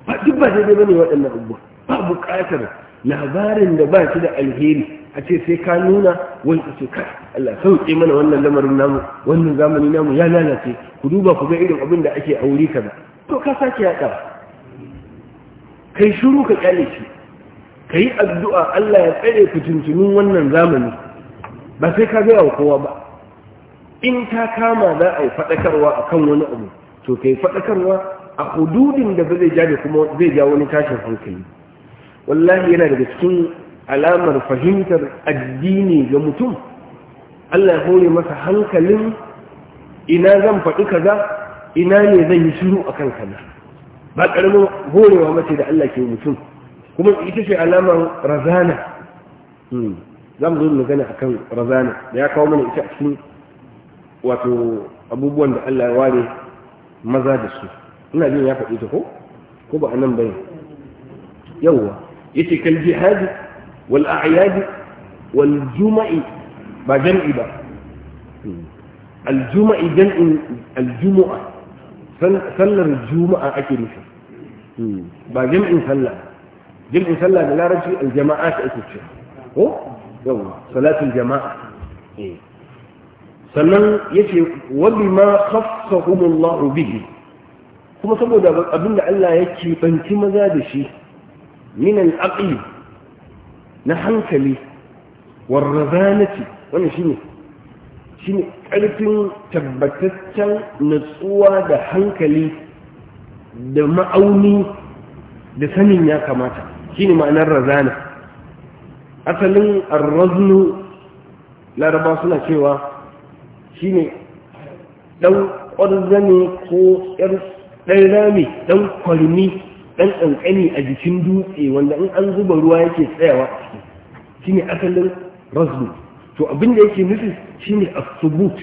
[SPEAKER 2] ba duk ba ba bane waɗannan abubuwa ba buƙatar labarin da ba shi da alheri a ce sai ka nuna wani a ce kai Allah sauke mana wannan lamarin namu wannan zamani namu ya lalace ku duba ku ga irin abin da ake aure kaza to ka sake yaɗa kai shiru ka kyale shi ka yi addu'a Allah ya tsare ku tuntunin wannan zamani ba sai ka gaya wa kowa ba in ta kama za a yi faɗakarwa a kan wani abu to ka yi faɗakarwa a hududin da zai ja da kuma zai ja wani tashin hankali wallahi yana daga cikin alamar fahimtar addini ga mutum Allah ya hore masa hankalin ina zan faɗi kaza ina ne zan yi shiru a kan kaza ba ƙaramin horewa mace da Allah ke mutum kuma ita ce alamar razana hmm. za mu zo mu magana akan razana da ya kawo mana ita a cikin wato abubuwan da Allah ya ware maza da su ina jin ya faɗi ta ko ko ba anan bane yawa yace kal jihad wal a'yad wal juma'i ba jam'i ba al juma'i jam'in al jumu'a sallar juma'a ake nufi hmm. ba jam'in sallah jam'in sallah da larabci al jama'at ake cewa ko yawa salatul jama'a eh. sannan yace wabi ma khassahumullahu bihi kuma saboda abinda Allah ya kebanci maza da shi min al-aqli na hankali war razanati wannan shine shine karfin tabbataccen natsuwa da hankali da ma'auni da sanin ya kamata shine ma'anar razana asalin arraznu laraba suna cewa shine dan ƙwarzane ko ɗan rami ɗan kwarmi ɗan ƙanƙani a jikin dutse wanda in an zuba ruwa yake tsayawa a ciki shine asalin raznu to abin da yake nufi shine asubut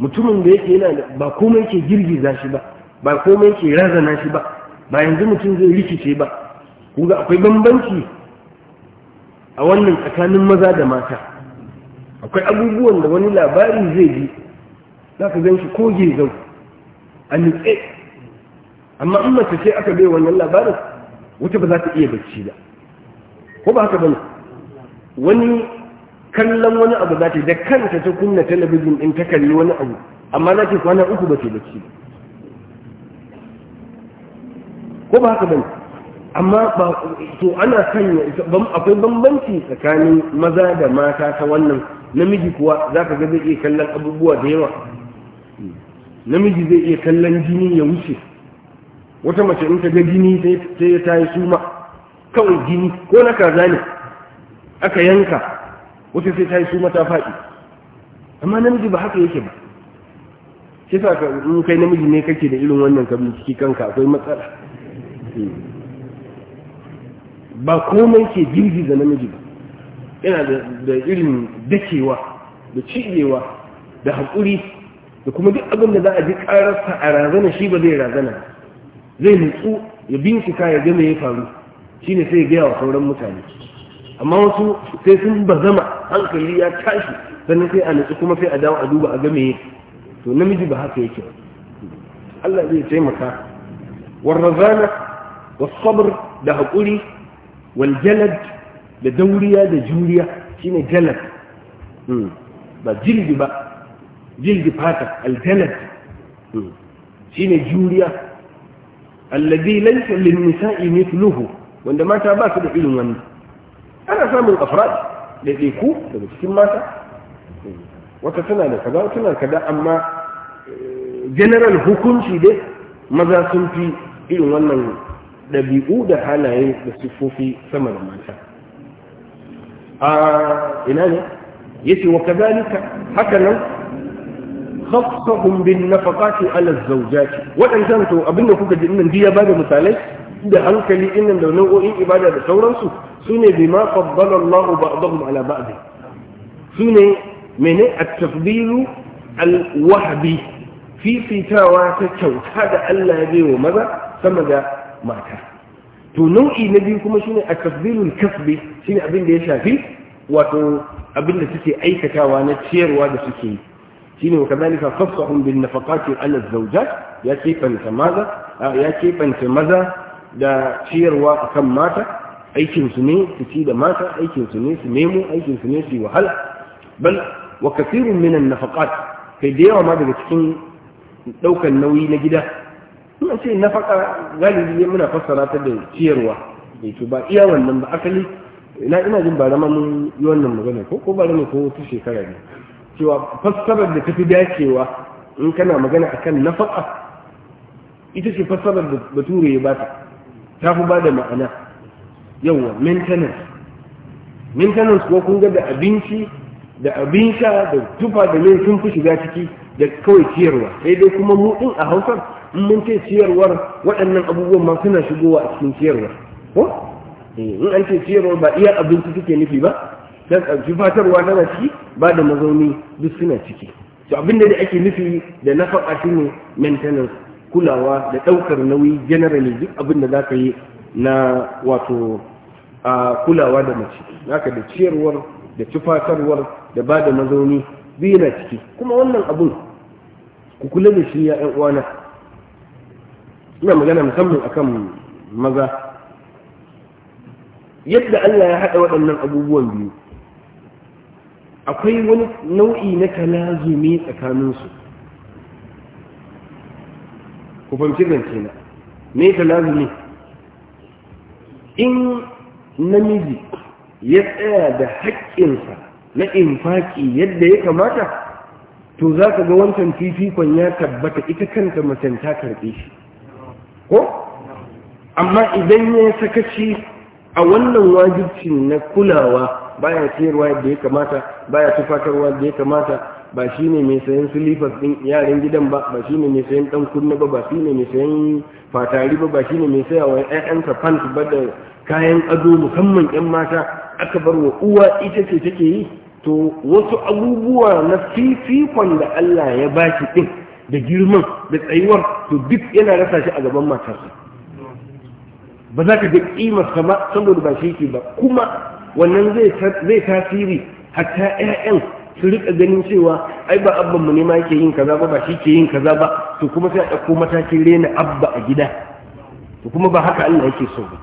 [SPEAKER 2] mutumin da yake yana ba komai ke girgiza shi ba ba komai ke razana shi ba ba yanzu mutum zai rikice ba kuga akwai bambanci a wannan tsakanin maza da mata akwai abubuwan da wani labari zai yi za ka zan shi koge zau, a nutse amma in mace ce aka bai wannan labarin wata ba za ta iya bacci ba ko ba haka bane wani kallon wani abu za ta da kanta ta kunna talabijin in ta kalli wani abu amma za ta kwana uku ba ta bacci ba ko ba haka bane amma ba to ana sanya akwai bambanci tsakanin maza da mata ta wannan namiji kuwa za ka ga zai iya kallon abubuwa da yawa namiji zai iya kallon jini ya wuce wata mace in ta ga jini sai ya tayi suma kawai jini ko na kaza ne aka yanka wata sai tayi suma ta faɗi amma namiji ba haka yake ba sai sa in kai namiji ne kake da irin wannan kabin ciki kanka akwai matsala hmm. ba komai ke girgiza namiji ba yana da irin dakewa da ciyewa da haƙuri da kuma duk abin da za a ji ƙararsa a razana shi ba zai razana zai nutsu ya bincika ya gama ya faru shi ne sai ya gaya wa sauran mutane amma wasu sai sun bazama hankali ya tashi sannan sai a nutsu kuma sai a dawo a duba a game to namiji ba haka yake Allah zai taimaka warrazana sabr da haƙuri wal da dauriya da juriya shine jalad hmm. ba jildi ba jildi fata aljalad hmm. shine juriya alladhi laysa lin nisa'i mithluhu wanda mata ba su da irin wannan ana samun afrad da ku daga cikin mata hmm. wata tana da kaza tana kaza amma eh, general hukunci dai maza sun fi irin wannan ɗabi'u da halaye da siffofi sama da mata a ina ne ce wa kadalika haka nan khafsahum bin nafaqati ala zawjati wadannan to abinda kuka ji nan diya bada misalai da hankali innan da nau'o'in ibada da sauransu sune bima faddala Allahu ba'dahum ala ba'd sune mene a tafdilu al wahabi fifitawa ta kyauta da Allah ya bai wa maza sama da mata to nau'i na biyu kuma shine akazbilul kasbi shine abin da ya shafi wato abin da suke aikatawa na ciyarwa da suke yi shine wa kadhalika khafsahum bin nafaqati ala zawjat ya kefanta maza ya kefanta maza da ciyarwa akan mata aikin su ne su ci da mata aikin su ne su nemo aikin su ne su wahala bal wa kathirun min an-nafaqat kai da yawa ma daga cikin daukan nauyi na gida ina ce na faka galibi ne muna fassara ta da ciyarwa bai eh, to ba iya wannan ba asali ina ina jin bara ma mun yi wannan magana ko ko bara ne ko ta shekara ne cewa fassarar da tafi dacewa in kana magana akan nafaka ita ce fassarar da bature ya bata ta fi ba da ma'ana yawa maintenance maintenance ko kun ga da abinci da abin sha da tufa da mai sun fi shiga ciki da kawai ciyarwa sai dai kuma mu din a hausar in mun ce ciyarwar waɗannan abubuwan ma suna shigowa a cikin ciyarwar ko eh, in an ce ciyarwar ba iya abinci suke nufi ba dan ɗauki fatarwa tana ciki ba da mazauni duk suna ciki to abin da ake nufi da na faɗa shi ne maintenance kulawa da ɗaukar nauyi generally duk abin da za ka yi na wato a kulawa da mace naka da ciyarwar da tufatarwar da ba da mazauni biyu na ciki kuma wannan abun ku kula da shi ya ɗan uwana ina magana musamman akan maza yadda Allah ya haɗa waɗannan abubuwan biyu akwai wani nau'i na kalazumi tsakaninsu ku fahimci zance na me kalazumi in namiji ya tsaya da haƙƙinsa na infaki yadda ya kamata to za ka ga wancan fifikon ya tabbata ita kanta macen ta karɓe shi ko amma idan ya sakaci a wannan wajibci na kulawa baya sayarwa da ya kamata baya tufatarwa da ya kamata ba shi ne mai sayan silifas ɗin yaren gidan ba ba shi ne mai sayan ɗan kunna ba ba shi ne mai sayan fatari ba ba shi ne mai saya wa ka pant ba da kayan ado musamman ƴan mata aka bar wa uwa ita ce take yi to wasu abubuwa na fifikon da Allah ya baki ɗin. da girman da tsayuwar to duk yana rasa shi a gaban matarsa ba za ka ga kimarsa ba saboda ba shi ba kuma wannan zai tasiri hatta 'ya'yan su rika ganin cewa ai ba abban mu ne ma yake yin kaza ba ba shi ke yin kaza ba to kuma sai a ɗauko matakin rena abba a gida to kuma ba haka Allah yake so ba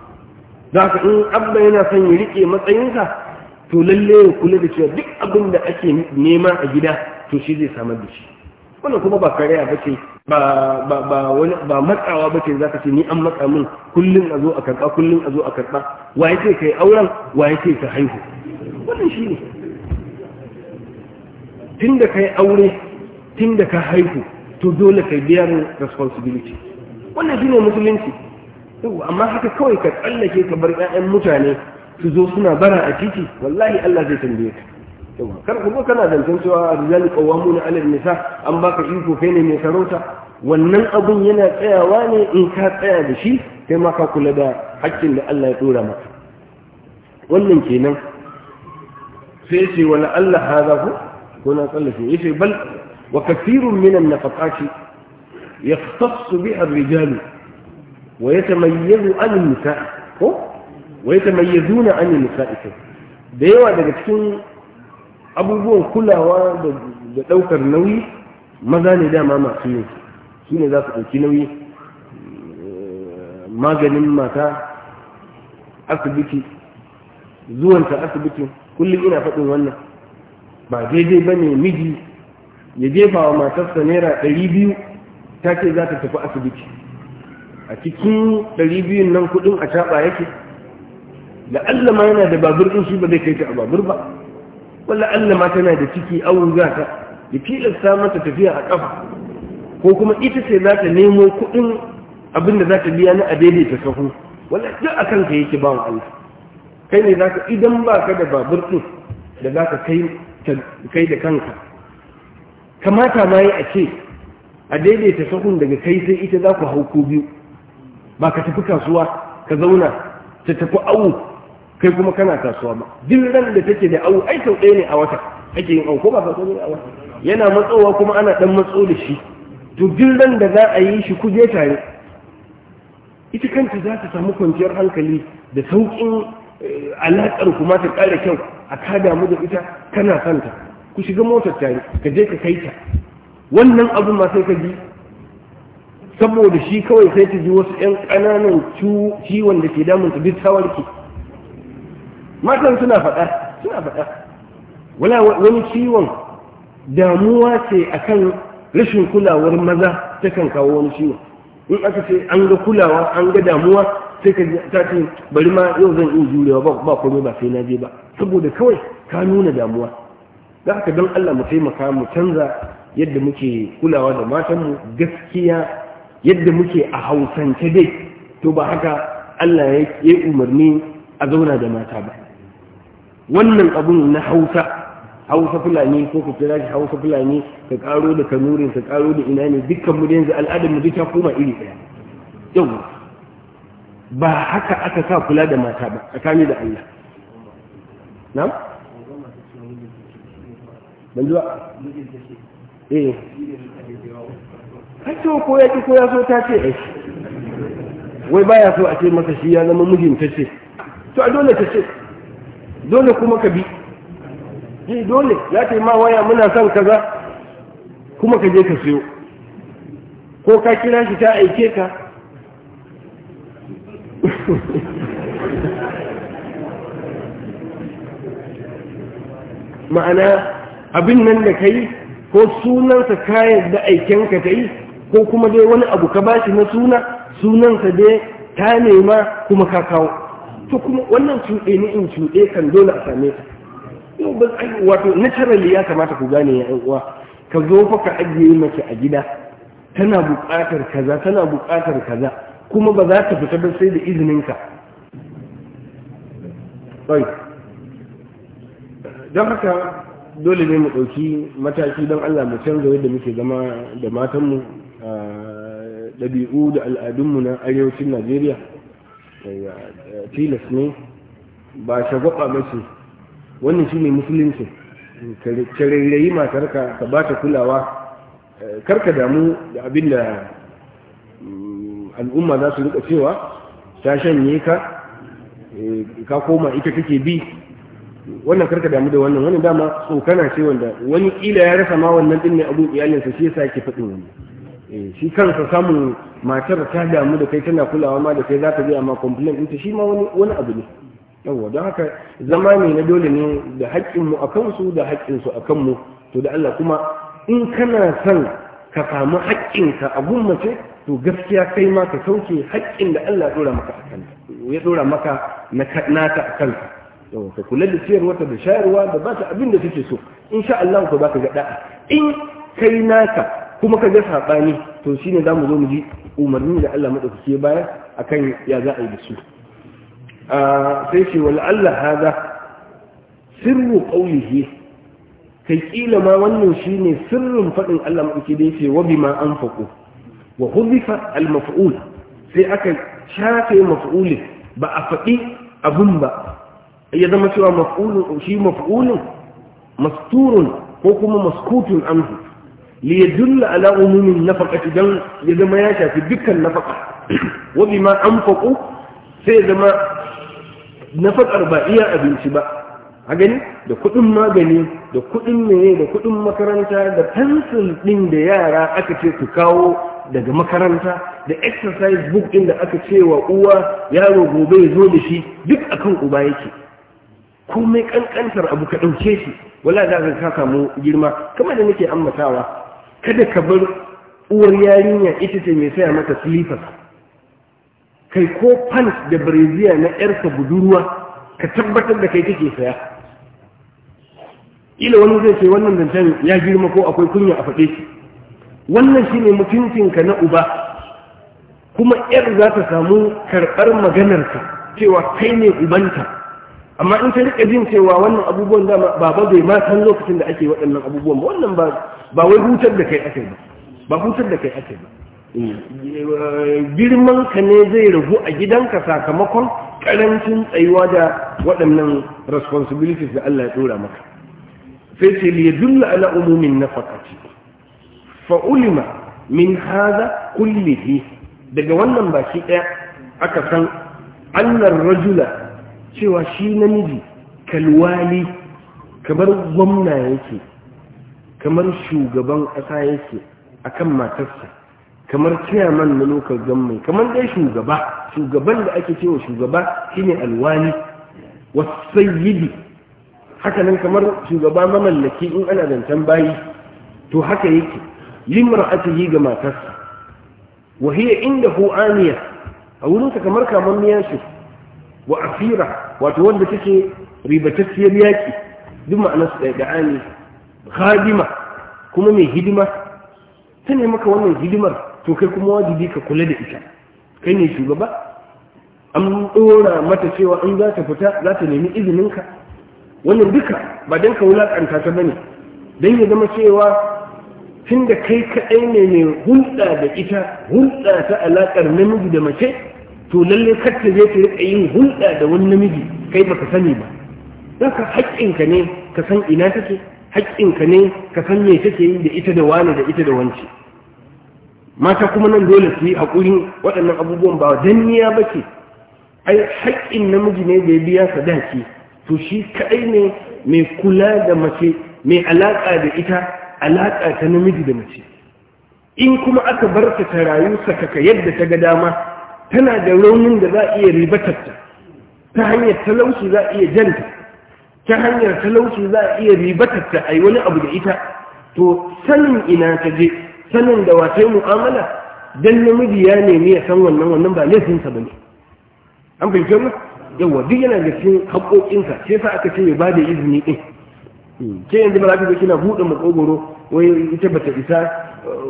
[SPEAKER 2] za ka in abba yana son ya rike matsayinsa to lalle ya kula da cewa duk abin da ake nema a gida to shi zai samar da shi wannan kuma ba kariya ba ce ba matsawa ba ce za ka ce ni an matsa min kullum a zo a karɓa kullum a zo a karɓa wa ya ce ka yi auren wa ya ce ka haihu wannan shi ne tun da ka yi aure tun da ka haihu to dole ka biya responsibility wannan shi ne musulunci amma haka kawai ka tsallake ka bar 'ya'yan mutane su zo suna bara a titi wallahi Allah zai tambaye ka kar ku kuma kana zancen cewa rijali qawwamuna 'ala nisa an baka iko kai ne mai sarauta wannan abun yana tsayawa ne in ka tsaya da shi sai ma ka kula da haƙƙin da Allah ya dora maka wannan kenan sai ce wala Allah haza ku ko na tsallace yace bal wa kathirun min an-nafaqati yahtassu biha ar-rijal wa yatamayyazu 'ala an-nisa ko wa yatamayyazuna 'ala an-nisa da yawa daga cikin abubuwan kulawa da ɗaukar nauyi maza ne dama masu yin su ne za su ɗauki nauyi eh, maganin mata asibiti zuwanta asibiti, kullum ina faɗin wannan ba daidai ba ne miji ya jefa wa matarsa naira ɗari biyu ta ce za ta tafi asibiti a cikin ɗari biyun nan kuɗin a caɓa yake da allama yana da babur ɗin shi ba zai kai ta a babur ba wala Allah ma tana da ciki awon za ta ya tilasta mata tafiya a kafa ko kuma ita ce za ta nemo kuɗin abin da za ta biya na a daidaita sahu wala duk a kanka yake bawan Allah kai ne za ka idan ba ka da babur ɗin da za ka kai da kanka kamata ma yi a ce a daidaita sahun daga kai sai ita za ku hau ko biyu ba ka tafi kasuwa ka zauna ta tafi awu kai kuma kana kasuwa ba duk ran da take da awu ai sau ɗaya ne a wata ake yin awu ko ba sau ɗaya ne a wata yana matsowa kuma ana ɗan matso da shi to duk ran da za a yi shi kuje tare ita kanta za ta samu kwanciyar hankali da sauƙin eh, alaƙar kuma ta ƙara kyau a ka damu da ita kana santa ku shiga motar tare ka je ka kai ta wannan abun ma sai ka ji saboda shi kawai sai ta ji wasu 'yan ƙananan ciwon da ke damun ta duk ta warke matan suna faɗa suna faɗa wala wani ciwon damuwa ce akan rashin kulawar maza ta kan kawo wani ciwon in aka ce an ga kulawa an ga damuwa sai ka ta ce bari ma yau zan iya jurewa ba ba komai ba sai na je ba saboda kawai ka nuna damuwa da haka don Allah mu taimaka mu canza yadda muke kulawa da matanmu gaskiya yadda muke a hausance dai to ba haka Allah ya yi umarni a zauna da mata ba wannan abun na hausa hausa fulani ko ku kira shi hausa fulani ka karo da kanurin ka karo da ina ne dukkan mu yanzu al'adar mu duka koma iri daya yau ba haka aka sa kula da mata ba tsakani da Allah na ban zuwa eh kace ko ya ki ko ya so ta ce eh wai baya so a ce masa shi ya zama ta ce to a dole ta ce dole kuma ka bi ji eh, dole ya ce ma waya muna son kaza kuma ka je ka siyo ko ka kira shi ta aike ka ma'ana abin nan da ka yi ko sunansa kayan da aikenka ta yi ko kuma dai wani abu ka ba shi na suna sunansa dai ta nema kuma ka kawo to kuma wannan cuɗe ne in cuɗe kan dole a same ta yau ba wato naturally ya kamata ku gane ya uwa ka zo fa ka ajiye mace a gida tana buƙatar kaza tana buƙatar kaza kuma ba za ta fita ba sai da izininka don haka dole ne mu ɗauki mataki don Allah mu canza yadda muke zama da matanmu ah, ɗabi'u da al'adunmu na arewacin Najeriya tilas ne ba shagwaba ba ce wannan shi ne musulunci ka matar matarka ka ba ta kulawa karka damu da abin da mm, al'umma za su rika cewa ta shanye ka eh, ka koma ita kake bi wannan karka damu da wannan wani dama tsokana ce wanda wani kila ya rasa ma wannan din ne abu iyalinsa shi yasa ke faɗin wani. Eh, shi ka samun matar ta damu da kai tana kulawa ma da kai za ta biya ma complain ɗinta shi ma wani abu ne yawwa don haka zama ne na dole ne da haƙƙinmu a kansu da haƙƙinsu a mu. to da Allah kuma in kana son ka samu ka a gummace to gaskiya kai ma ka sauke haƙƙin da Allah ya ɗora maka a kanta ya ɗora maka nata a kanka yawwa ka kula da ciyarwa da shayarwa da ba ta abin da take so in sha Allah ka ba ka ga in kai naka kuma ka ga saɓani to shine za mu zo mu ji umarni da Allah maɗaukaki ya bayar kan ya za a yi da su sai ce wal Allah haza sirru qawlihi kai ƙila ma wannan shine sirrin faɗin Allah maɗaukaki da yace ma an faƙo. wa hudifa al maf'ul sai aka shafe maf'ulin ba a faɗi abun ba ya zama cewa maf'ulun shi maf'ulun masturun ko kuma maskutun anhu li yadulla ala umumin nafaqati dan ya zama ya shafi dukkan nafaqa wa bima anfaqu sai zama nafaqar ba iya abinci ba a gani da kuɗin magani da kuɗin meye da kuɗin makaranta da pencil ɗin da yara aka ce su kawo daga makaranta da exercise book ɗin da aka ce wa uwa yaro gobe ya zo da shi duk akan uba yake komai kankantar abu ka ɗauke shi wala da ka ka samu girma kamar da nake ammatawa kada ka bar uwar yarinya ita ce mai saya mata silifas kai ko pants da breziya na yarka budurwa ka tabbatar da kai take saya ila wani zai ce wannan zancen ya girma ko akwai kunya a faɗe shi wannan shine ka na uba kuma yar za ta samu karɓar maganarka cewa kai ne ubanta amma in ta rika jin cewa wannan abubuwan dama baba bai ma san lokacin da ake waɗannan abubuwan ba wannan ba ba wai hutar da kai ake ba ba hutar da kai ake ba girman ka ne zai rahu a gidanka sakamakon karancin tsayuwa da waɗannan responsibilities da Allah ya tsora maka sai ce liya dulla ala umumin nafaqati fa ulima min kulle kullihi daga wannan baki ɗaya aka san annar rajula cewa shi namiji kalwali kamar gwamna yake kamar shugaban ƙasa yake akan matarsa kamar chairman na local government kamar dai shugaba shugaban da ake cewa shugaba shine alwani wasayyidi haka nan kamar shugaba mamallaki in ana zancen bayi to haka yake yi ga matarsa wa hiya hu aniya a wurinsa kamar kamar miyan wa afira wato wanda take ribatacciyar yaki duk ma'anarsa da ani hadima kuma mai hidima ta ne maka wannan hidimar to kai kuma wajibi ka kula da ita kai ne shugaba an ɗora mata cewa in za ta fita za ta nemi izininka wannan duka ba don ka wulaƙanta ta bane don ya zama cewa tun da kai kaɗai ne mai hulɗa da ita hulɗa ta alaƙar namiji da mace to lalle kacce zai ta riƙa yin hulɗa da wani namiji kai ba ka sani ba don ka haƙƙinka ne ka san ina take haƙƙinka ne ka san me kake yi da ita da wani da ita da wance mata kuma nan dole su yi haƙurin waɗannan abubuwan ba danniya ba ce ai haƙƙin namiji ne da ya biya sadaki to shi kaɗai ne mai kula da mace mai alaƙa da ita alaƙa ta namiji da mace in kuma aka bar ta ta rayu sakaka yadda ta ga dama tana da raunin da za a iya ribatarta ta hanyar talauci za a iya janta ta hanyar talauci za a iya ribatar ta ai wani abu da ita to sanin ina ka je sanin da wace mu'amala dan namiji ya nemi ya san wannan wannan ba laifinsa ba ne an fahimci mu yawa duk yana da cikin haƙoƙinsa sai sa aka ce ya bada izini ɗin hmm, ke yanzu ba za ka kina buɗe makogoro wai ita ba ta isa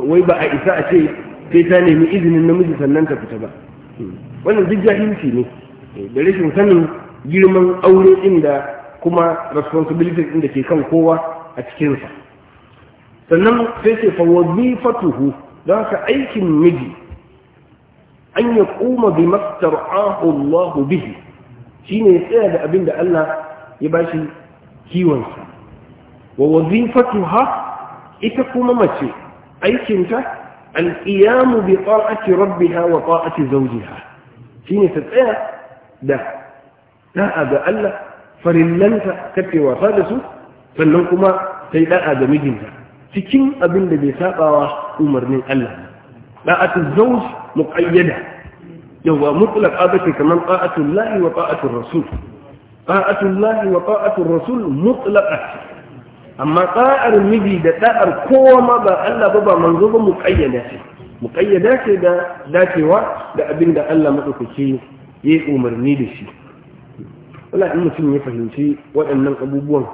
[SPEAKER 2] wai ba a isa a ce sai ta nemi izinin namiji sannan ta fita ba hmm, wannan duk jahilci ne eh, da rashin sanin girman aure inda kuma responsibility ɗin da ke kan kowa a cikinsa sannan sai ce fa wazifatuhu don haka aikin miji an ya kuma bi mastar'ahu Allah bihi shine ne tsaya da abin da Allah ya bashi kiwonsa wa wazifatuha ita kuma mace aikinta al'iyamu bi ta'ati rabbiha wa ta'ati zawjiha shine ta tsaya da da'a ga Allah farillanta kace wasa da su sannan kuma yi da'a ga mijinta cikin abin da bai saɓawa umarnin Allah da'atu zawj muqayyada yawa mutlaq ce kaman ta'atu lahi wa ta'atu rasul ta'atu lahi wa ta'atu rasul mutlaqa amma ta'ar miji da ta'ar kowa ma ba Allah ba ba manzo ba muqayyada ce muqayyada ce da dacewa da abin da Allah madaukake yayi umarni da shi wala in mutum ya fahimci waɗannan abubuwan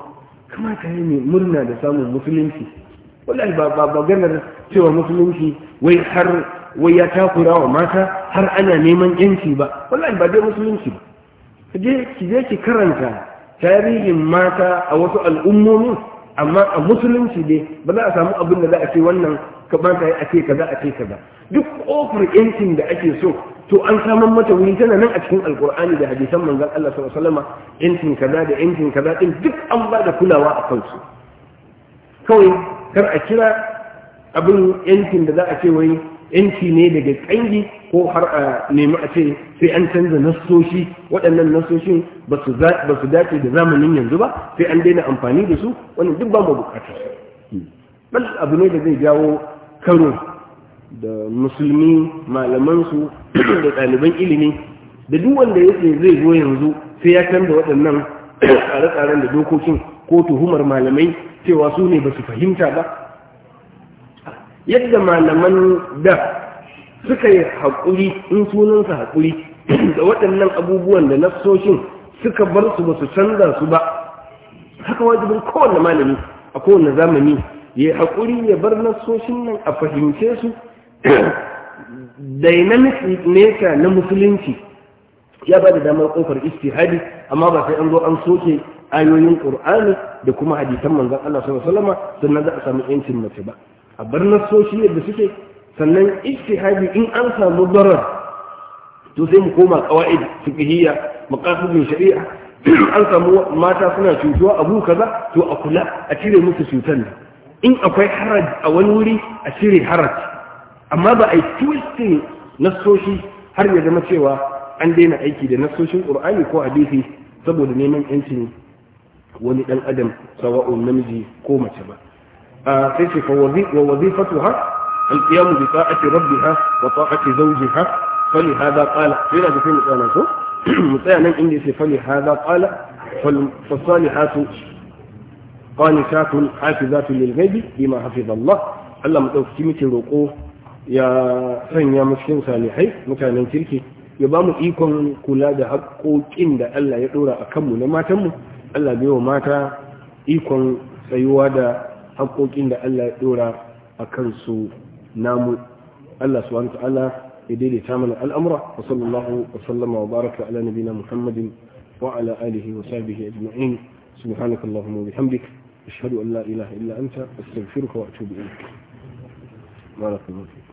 [SPEAKER 2] kamata ya ne murna da samun musulunci Wala ba ba ganar cewa musulunci wai har wai ya takura wa mata har ana neman yanci ba wallahi ba dai musulunci ba je ki je ki karanta tarihin mata a wasu al'ummomin amma a musulunci dai ba za a samu abin da za a ce wannan yi a ce kaza a ce kaza duk kofar yancin da ake so to an saman mata wuri tana nan a cikin alkur'ani da hadisan manzon Allah sallallahu alaihi wasallam intin kaza da intin kaza din duk an ba da kulawa a kansu kawai kar a kira abin yankin da za a ce wai yanki ne daga kangi ko har a nemi a ce sai an canza nasoshi, waɗannan nasoshin ba su dace da zamanin yanzu ba sai an daina amfani da su wannan duk ba mu bukatar bal abu ne da zai jawo karo da musulmi malamansu da ɗaliban ilimi da duk wanda ce zai zo yanzu sai ya canza waɗannan tsare-tsaren da dokokin ko tuhumar malamai cewa su ne ba su fahimta ba yadda malaman da suka yi haƙuri in sunansa haƙuri da waɗannan abubuwan da nafsoshin suka bar su ba su canza su ba haka wajibin kowane malami a kowane zamani ya yi haƙuri ya bar nafsoshin nan a fahimce su dynamic nature na musulunci ya ba da damar kofar istihadi amma ba sai an zo an soke ayoyin qur'ani da kuma hadisan manzon Allah sallallahu alaihi sannan za a samu yancin mace ba a bar nasoshi yadda suke sannan istihadi in an samu darar to sai mu koma qawaid fiqhiyya maqasidin shari'a an samu mata suna cutuwa abu kaza to a kula a cire musu cutar in akwai haraj a wani wuri a cire haraj أما بأي توستي نصوشي هل يجب عندنا أيكي لنصوشي القرآن يكو حديثي سبب نيمان أنتني ونئن أدم سواء نمزي كومة شبا سيسي فوظيفتها القيام بطاعة ربها وطاعة زوجها فلهذا قال فلا تفهم أنا سوء مطيعنا عندي سفلي هذا قال فالصالحات قانشات حافظات للغيب بما حفظ الله علم توكتمت الوقوف ya sanya mu cikin salihai mutanen kirki ya ba mu ikon kula da haƙoƙin da Allah ya ɗora a kanmu na matanmu Allah bai wa mata ikon tsayuwa da haƙoƙin da Allah ya ɗora a kansu namu Allah subhanahu wa ta'ala ya daidaita mana al'amura wa sallallahu wa sallama wa baraka ala nabina Muhammadin wa ala alihi wa sahbihi ajma'in subhanaka allahumma wa bihamdik ashhadu an la ilaha illa anta astaghfiruka wa atubu ilayk barakallahu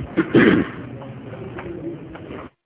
[SPEAKER 2] Thank